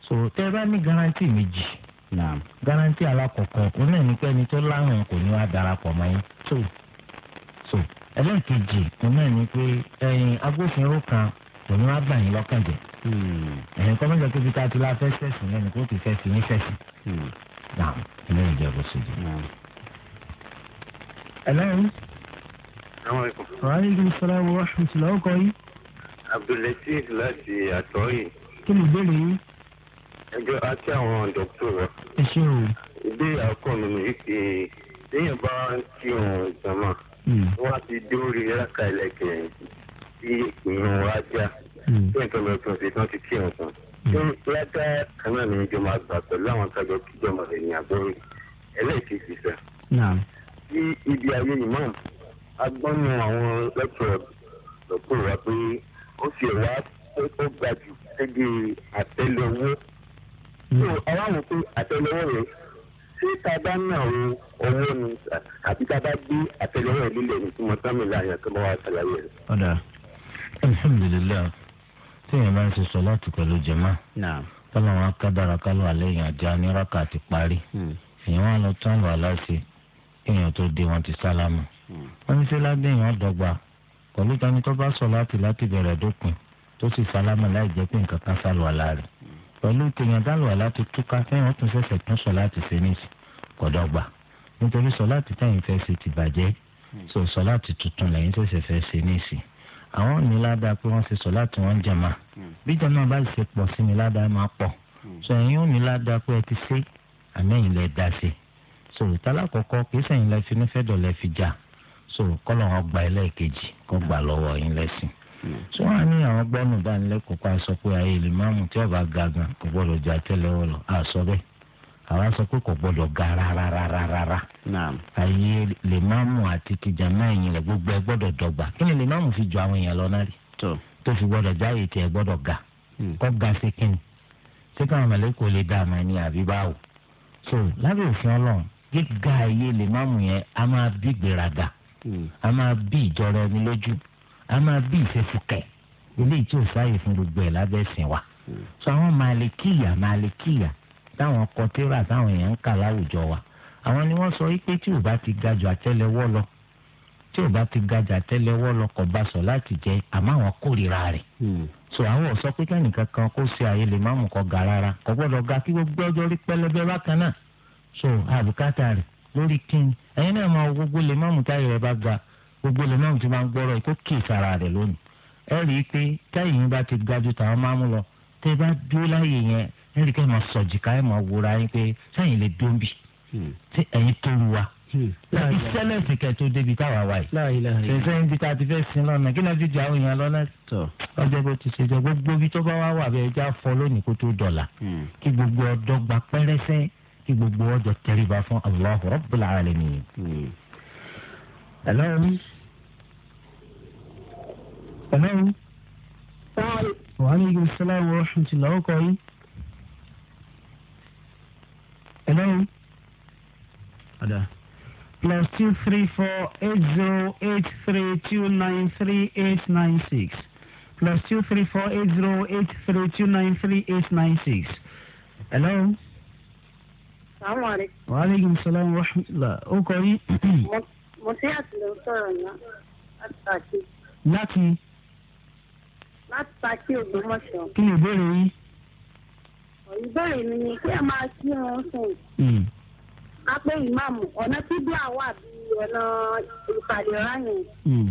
so tẹ́ ẹ bá ní garanti méjì garanti alákọ̀ọ́kọ́ náà ní ẹni tó lárùn ẹlẹ́ẹ̀kejì òun náà ni pé ẹ̀yin agbófinró kan tòun á bà yín lọ́kàn jẹ́ hmm. ẹ̀yin kọ́ mẹ́jọ tóbi ká ti la fẹ́ sẹ̀sìn lẹ́nu kó ti fẹ́ fi yín sẹ̀sìn. náà ilé ìjẹ́ bó ṣe jù. ẹlẹ́rìí. wàhálà ìṣẹ̀lẹ̀ wo ìṣẹ̀lẹ̀ ọkọ yìí. abdulrasheed láti àtọ́yìn. kí ni ìbéèrè yín. ẹjọ́ àti àwọn dókítà. ẹ ṣé o. ìbéèrè àkọ́nù mi ni pé téèyàn bá ń kírun jàmáà Hmm. wọ́n á ti dórí rákà ẹlẹ́kẹ̀ẹ́ tí ìrun wa já tí hmm. nǹkan lọ tún ṣe tán ti kí ẹ̀ tán. tí rákà kan náà ní ìjọba àgbà pẹ̀lú àwọn kájọ kíjọba rẹ̀ ní àgbọ̀rì ẹlẹ́ẹ̀kejì sẹ́. tí ibi ayé imam agbọ́nù àwọn lẹ́tọ̀ọ̀ lọ́pọ̀ wa pé ó fi ẹ̀wá ó ga jù ségi àtẹ́lẹwọ́. Hmm. àwọn àwọn pé àtẹ́lẹwọ́ rẹ̀ ṣé ta bá ń àwọn ọwọ́ ni àbí ta bá gbé àtẹlẹwọ́ ìlílẹ̀ ní tí mo sámi láàyàn tó bá wà ṣàlàyé rẹ̀. ọ̀dà alhamdulilayi tí èèyàn bá ń ṣe sọ láti pẹ̀lú jẹ̀má tọ́lọ́wọ́n akádàrà kálọ̀ alẹ́ èèyàn já ní rákà ti parí hmm. èèyàn wà lọ tó àlọ́ aláṣẹ èèyàn tó dé wọn ti sálámù hmm. wọ́n ní sẹ́lá èèyàn dọ́gba pẹ̀lú tani tó bá sọ láti láti bẹ̀rẹ̀ dópin tó sì sálámù láì jẹ́ pé nǹkan kan sálọ àlá pẹ̀lú tèèyàn dálùwà láti túká fẹ́ràn tún ṣẹ̀ṣẹ̀ tún sọ láti ṣe níṣì kọ̀dọ̀gba nítorí sọ láti tẹ̀yìn fẹ́ ṣe ti bàjẹ́ hmm. so sọ láti tuntun lẹ́yìn ṣẹ̀ṣẹ̀ fẹ́ ṣe níṣì àwọn ní ládàá pé wọ́n ṣe sọ láti wọ́n jàmá hmm. bí jàmá bá ṣe pọ̀ sí ni ládàá máa pọ̀ hmm. so ẹ̀yin ò ní ládàá pé ẹ ti ṣe àmẹ́yìn lẹ dá ṣe so tálákọ̀ọ́kọ́ kì í sẹ́yìn lẹ fi nífẹ̀dọ̀ lẹ so kọ́lọ̀ wọn gba ẹlẹ́ẹ̀kejì kọ́ gbà lọ́wọ́ yín lẹ́sìn. tí wọ́n ni ní àwọn gbọ́nù dánilẹ́kọ̀ọ́ pa sọ pé ayé lè máa mú tí ọba ga gan kò gbọ́dọ̀ ju àtẹ́lẹwọ́ bẹ́ẹ̀ sọ pé kò gbọ́dọ̀ ga ayé lè máa mú àti náà gbogbo gbọ́dọ̀ ni lè fi ju àwọn èèyàn lọ náà rí tó fi gbọ́dọ̀ ga hmm. kọ ga sí ṣé káwọn lè dá so lábẹ́ òfin Ọlọ́run gíga a máa bí ìfẹsùkẹ eléyìí tí ò sáyè fún gbogbo ẹ lábẹ́ ẹ̀sìn wa hmm. so àwọn màlìkìyà màlìkìyà táwọn kọtẹ́rà táwọn èèyàn ń kà láwùjọ wa àwọn ni wọ́n sọ wípé tí ò bá ti ga jù àtẹ́lẹwọ́ lọ tí ò bá ti ga jù àtẹ́lẹwọ́ lọ kò bá sọ láti jẹ àmọ́ àwọn kórìíra rẹ̀ hmm. so àwọn ò sọ pé kẹ́nìkan kan kó ṣe àyè lè má mú kọ gà rárá kò gbọ́dọ̀ ga kí gbogbo ọjọ́ rí pẹlẹbẹ bákan náà so àbùkátà rẹ̀ lórí kíni ẹ̀yin náà máa gbogbo lè má mú táyà rẹ̀ bá ga gbogbo lè náà ti máa ń gbọ́rọ̀ kó kì í sara rẹ̀ lónìí ẹ rí i pé táyìn bá ti ga ju tàwọn máa mú lọ tẹ bá dúró láàyè yẹn ẹ rí i kẹ́ ẹ máa sọ̀jìká ẹ máa wúra yín pé sáyìn lè dún bì tí ẹ̀yin tó lu wa ìsẹ́lẹ̀sì hmm. kẹ̀tọ́ débi táwa wà yìí ṣẹ̀ṣẹ̀ ń bi ta ti fẹ́ sin lọ́nà kí náà fi jà àwọn èèyàn lọ́nà ọjọ́ bó ti ṣe jọ gbogbo ibi tó bá wà wà bẹ́ẹ̀ já fọ lónìí kó tó dọ̀là hmm. kí gbogbo ọdọ́ gba pẹ́rẹ́sẹ́ kí gbogbo ọjọ́ tẹríba fún Allahu Rabbul Alamin. Hmm. Hello hello. wàhálà sàlámù rahmatulah ọkọ hello. ada. plus two three four eight zero eight three two nine three eight nine six plus two three four eight zero eight three two nine three eight nine six. hello salaamaleykum. waaleykum salaam wa rahmatulah. o kò rí. mo ti àtìlẹ́wọ́ sọ̀rọ̀ náà láti láti pàṣẹ Ògbómọ̀ṣọ́. kí ni ìbéèrè yín. ìbéèrè mi ni pé máa ṣí wọn sùn. Hmm. a pé ìmáàmù ọ̀nà tí bí àwa bí ọ̀nà ìpàdé ráyìn. Hmm.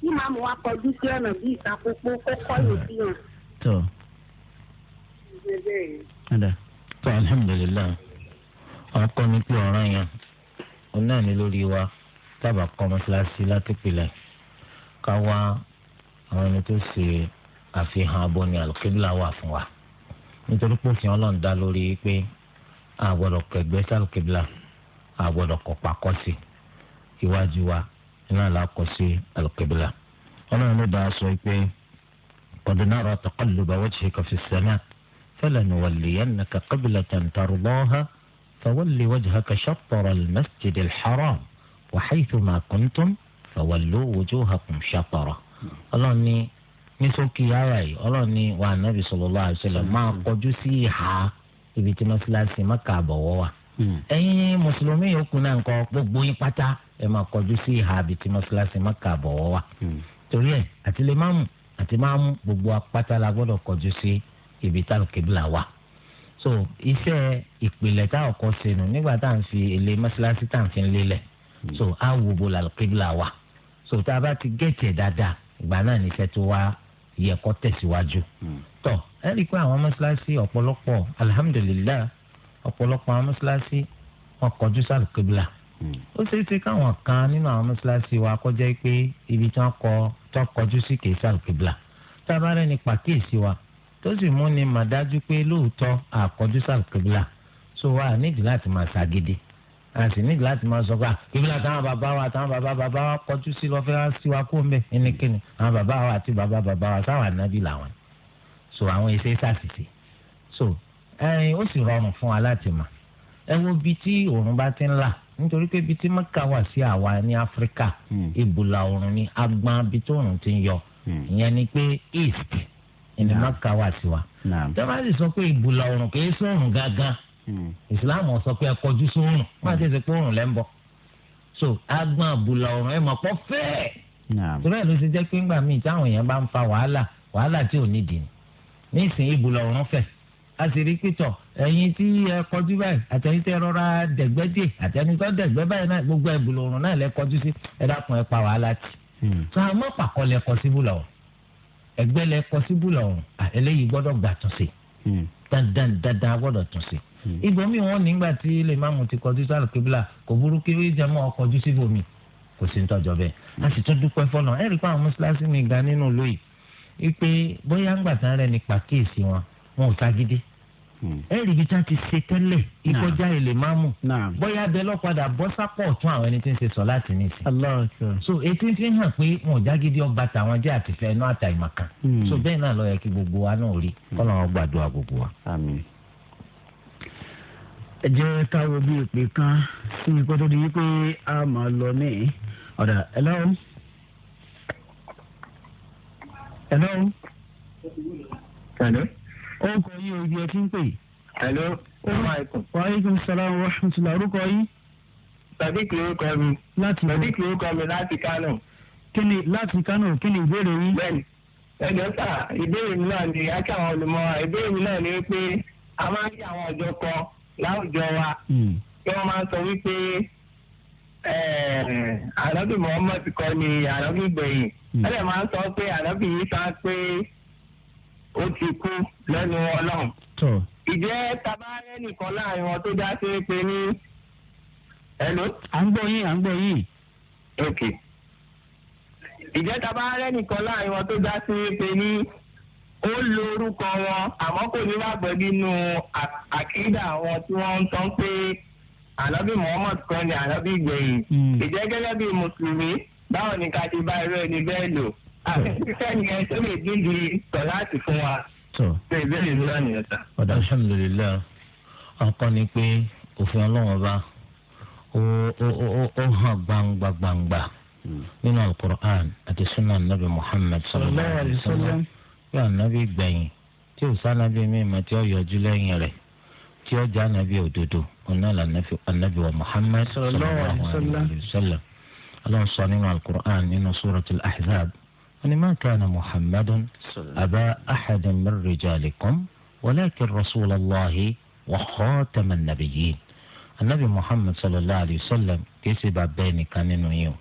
kí ìmáàmù wa kọjú sí ọ̀nà bí ìtakópó kókó yìí fi hàn. tó tó alhamdulilayi ọkọ ní pé ọ̀ràn yẹn òun náà ní lórí wa tábà kọ́ mọ́ṣáláṣí látìpìlẹ̀ ká wá àwọn ẹni tó ṣe àfihàn abo ni alùkébìlà wà fún wa nítorí pé òfin ọlọ́run dá lórí pé àgbọ̀dọ̀ kẹgbẹ́ sí alùkébìlà àgbọ̀dọ̀ kọ̀pá kọ́ sí iwájú wa iná là kọ́ sí alùkébìlà ọlọ́run ló dá sọ pé qad nara taqalluba wajhika fi as-sama' falanuwalliyannaka qiblatan tardaha fawalli wajhaka shattara al-masjid al-haram wa haythuma kuntum fawallu wujuhakum shattara ọlọ́run ní ní sókè ara yìí ọlọ́run ní wa ànábì sallallahu alaihi wasallam hmm. máa kọjú sí ìhà ibi tí mọ́sálásí mọ́kà àbọ̀wọ́ wà. Hmm. ẹ̀yin mùsùlùmí yòókù náà nǹkan gbogbo yín pátá ẹ máa kọjú sí ìhà ibi tí mọ́sálásí mọ́kà àbọ̀wọ́ wà. Hmm. torí ẹ àti lè máàmù àti máàmù gbogbo apátá la gbọ́dọ̀ kọjú sí ibi tá kébìlà wà. so iṣẹ́ ìpìlẹ̀ tá a kọ́ sínú nígbà tá à ń fi so á wo bo làlùkébìlà so tá a bá ti gẹ̀ẹ́tì yẹ kó tẹ̀síwájú. Hmm. tọ́ ẹ rí i pé àwọn mọ́ṣáláṣí ọ̀pọ̀lọpọ̀ alihamudulilayi ọ̀pọ̀lọpọ̀ àwọn mọ́ṣáláṣí wọn kọjú sáà kébìlà. Hmm. ó ṣeé ṣe káwọn kan nínú àwọn mọ́ṣáláṣí wa kọjá pé ibi tí wọ́n kọ tó kọjú sí kèé sáà kébìlà. tábàárẹ̀ ni pàkíyèsí wa tó sì mú ni màdájú pé lóòótọ́ àkọjú sáà kébìlà so wa nídìí láti máa ṣàgídí àti níbi láti máa sọ pé ah, ibi láti àwọn bàbá wa àtàwọn bàbá bàbá wa kọjú sí lọ́fẹ́ wá sí wa kó mbẹ́ ẹnikẹ́ni àwọn bàbá wa àti bàbá bàbá wa sáwọn ànábì làwọn so àwọn ẹsẹ̀ sàṣìṣe so ẹyin ó sì rọrùn fún wa láti mà ẹ wo ibi tí òòrùn bá ti ń là nítorí pé ibi tí mẹ́kà wà sí àwa ní áfíríkà hmm. ìbùlà òòrùn ni agbọn ibi tó òòrùn ti ń yọ hmm. ìyẹn ni pé east ìní mẹ́kà wà sí wa tẹ́lẹ̀ bá sì sọ pé ìbùlà òòrùn kì í sọ̀rùn gángan Islam sọ pé ẹ kọjú sóòrùn mm. má ti ṣe pé òòrùn lẹ́ so agbọn àbùlà ọ̀rùn ẹ̀ mọ̀ pọ̀ fẹ́ẹ̀ torí ẹ̀ ló ti jẹ́ pé ńgbà míì táwọn èèyàn bá ń fa wàhálà wàhálà tí ò ní dì ní ìsìn ìbùlà ọ̀rùn fẹ̀ a sì rí pítọ̀ ẹ̀yin tí ẹ kọjú báyìí àtẹ̀yìn tẹ rọra dẹ̀gbẹ́ dè àtẹ̀yìn tó dẹ̀gbẹ́ báyìí náà gbogbo ìbùlà ọ̀rùn náà lẹ kọjú sí ẹ dákun ẹ pa wàhálà tì tó hmm. a mọ̀ pàkọ́ lẹ kọ sí bùlà ọ̀rùn ẹgbẹ́ lẹ kọ sí bùlà ọ̀rùn eléyìí gbọ́dọ̀ gbà tún sí hmm. dandan dandan gbọ́dọ̀ tún sí Igbo hmm. wọn nígbà tí lè má ti kọjú sí àlùkébílà kò burú kí jẹmọ ọkọjú síbòmí kò sí nítọjọ bẹ́ẹ̀ a sì tún dúpẹ́ fọlọ ẹ rí àwọn mọṣíláṣí mi ga rẹ ní pàkíyèsí wọn wọn ò hmm. ti ṣe tẹ́lẹ̀ ìkọjá ilé má bóyá abẹ lọ́padà bọ́ sápọ̀ ọ̀tún àwọn ẹni tí ń ṣe sọ láti so etí fi hàn pé wọn ò jágídé ọgbà tàwọn jẹ́ àtìfẹ́ náà àtàìmọ̀kan hmm. so bẹ́ẹ̀ náà yẹ kí ẹ jẹ́ ká wo kan sí ikú tó di wípé a máa lọ ní ọ̀dà hello. hello. hello. ó kọ yí o ibi ẹ ti ń pè. hello. salaamaleykum. waaleykum salaam wa rahmatulah orúkọ yìí. sadiq lórúkọ mi. láti sadiq lórúkọ mi láti kánò. kí ni láti kánò kí ni ìbéèrè yín. bẹ́ẹ̀ni ẹ dọ́tà ìbéèrè mi náà ni akẹ́ àwọn olùmọ̀ ìbéèrè mi náà ni wípé a máa ń ṣe àwọn ọjọ́ kan láwùjọ wa tí hmm. wọn máa ń sọ wípé ànábì Muhammad kọ́ ni ànábì gbẹ̀yìn hmm. wọ́n lè máa ń sọ pé ànábì yìí sá pé ó ti kú lẹ́nu ọlọ́run. ìjẹ́ tabarẹ́ nìkan láàrin tó dá sí pé láàrin wọn tó dá sí pé ní. ó lo orúkọ wọn àmọ́ kò ní wàgbọ́ nínú àkídà wọn tí wọ́n ń tán pé ànábì muhammad kan ni ànábì gbẹ̀yìn ìjẹ́ hmm. gẹ́gẹ́ bí mùsùlùmí báwo ni ká ti bá irú ẹni bẹ́ẹ̀ lò àti sẹ́ni ẹ tó lè dídì tọ̀ láti fún wa. ṣé ìbéèrè ló wà nìyẹn sá. ọ̀dà alhamdulilayi ọkàn ni pé òfin ọlọ́run ọba ó hàn gbangba gbangba hmm. nínú alukur'an àti sunan nabi muhammad sallallahu alayhi wa sallam pé ànábì gbẹ̀yìn tí ò sánábì mímọ́ tí ó yọjú lẹ́yìn rẹ̀ tí ó jẹ́ ànábì òdodo ọ̀nà ànábì wa Muhammad sallallahu alayhi wa sallam ọlọ́run sọ nínú alukur'an nínú suratul ahzab wọn ni máa kana muhammadun aba ahadan min rijalikum walakin rasulallahi wa khataman nabiyyin anabi muhammad sallallahu alayhi wa sallam kì í ṣe bàbá ẹnìkan nínú yìí o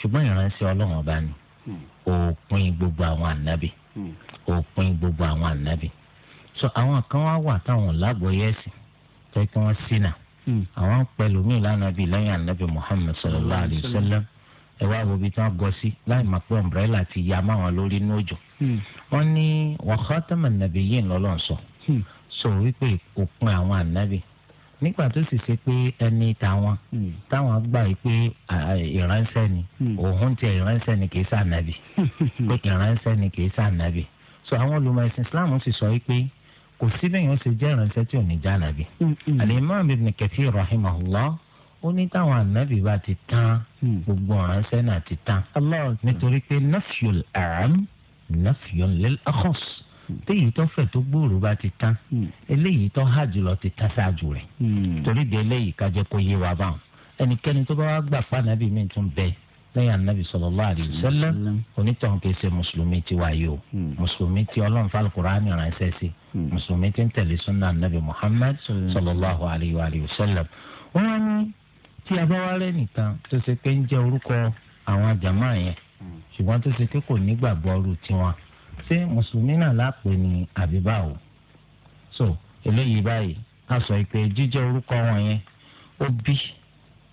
ṣùgbọ́n ìránṣẹ́ ọlọ́run ọba ni hmm. òpin gbogbo àwọn anabi òpin gbogbo àwọn ànábì so àwọn kan wá wà táwọn lágbóyè ẹ̀sìn tó kí wọ́n ṣìnà hmm. àwọn pẹ̀lú mi lánàbì lẹ́yìn ànábì Muhammad sallallahu alayhi wa sallam hmm. ẹ wá wo ibi tí wọ́n gọ sí láì máa pé ọmbrẹ́là ti ya máwọn lórí ní òjò hmm. wọ́n ní wa khataman nabiyyin lọ́lọ́run sọ so wípé òpin àwọn ànábì nígbà tó sì ṣe pé ẹni tàwọn hmm. táwọn gbà pé ìránṣẹ́ ni hmm. òun tiẹ̀ ìránṣẹ́ ni kìí sànàbì hmm. pé ìránṣẹ́ ni kìí sànàbì so àwọn olùmọ̀ ẹ̀sìn Islam sì sọ pé kò sí bẹ́yìn ó ṣe jẹ́ ìránṣẹ́ tí ò ní já nàbì Al-Imam Ibn Kathir rahimahullah ó ní táwọn ànábì bá ti tán gbogbo ìránṣẹ́ náà ti tán nítorí pé nafyul am nafyul lil téyìí tó fẹ̀ tó gbòòrò bá ti tán hmm. eléyìí tó hà jùlọ ti tán ṣáájú rẹ̀ hmm. torí de eléyìí ká kó yé wa báwọn ẹnikẹ́ni tó bá wá gbà fún anabi mi tún bẹ lẹ́yìn anabi sallallahu alaihi wasallam hmm. onítọ̀hún kìí ṣe mùsùlùmí ti wá yìí o mùsùlùmí ti ọlọ́run fàlùkùránì ránṣẹ́ sí mùsùlùmí ti ń tẹ̀lé sunna anabi muhammad sallallahu alaihi wasallam wọ́n wá ní tí a bá wá rẹ̀ nìkan tó ṣe pé ń jẹ́ orúkọ àwọn àjàmá yẹn ṣùgbọ́n tó ṣe pé kò nígbàgbọ́ ọrù tiwọn ṣé mùsùlùmí náà lápè ní so eléyìí báyìí a sọ pé jíjẹ orúkọ wọn yẹn ó bí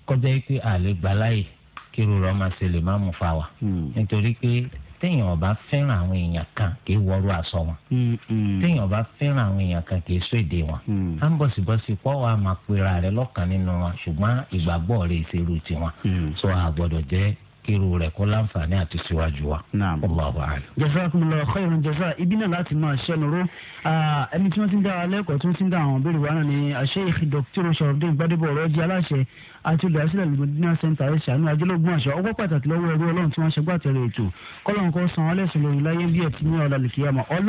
kọjá pé àlè gbàláyè kí irú rẹ̀ máa ṣe lè má mú fa wa hmm. nítorí pé téèyàn ọba fẹ́ràn àwọn èèyàn kan kì í wọrú aṣọ wọn hmm, hmm. téèyàn ọba fẹ́ràn àwọn èèyàn kan kì í sọ èdè wọn à ń bọ̀sibọ̀si pọ̀ wa máa pera rẹ̀ lọ́kàn nínú wọn ṣùgbọ́n ìgbàgbọ́ rẹ̀ ṣerú tiwọn so a gbọ́dọ̀ jẹ́ irú rẹ̀ kó láǹfààní àti síwájú wa. Allahu a'lam. jazakumullahu khairan jaza ibi náà láti máa ṣẹnuró ẹni tí wọ́n ti ń dá alẹ́kọ̀ọ́ tí wọ́n ti ń dá àwọn béèrè wa náà ni Sheikh Dr. Sharafdeen Gbadebo ọ̀rọ̀jì aláṣẹ àti olùdásílẹ̀ lùmọ̀dínà center ẹ̀ṣẹ̀ àánú ajẹ́lógún àṣọ ọgbọ́ pàtàkì lọ́wọ́ ẹrú ọlọ́run tí wọ́n ṣe gbàtẹ̀rẹ̀ ètò kọ́lọ́n kọ́ san ọlẹ́sìn lórí láyé bí ẹ̀ ti ní ọ̀la lùkìyàmọ̀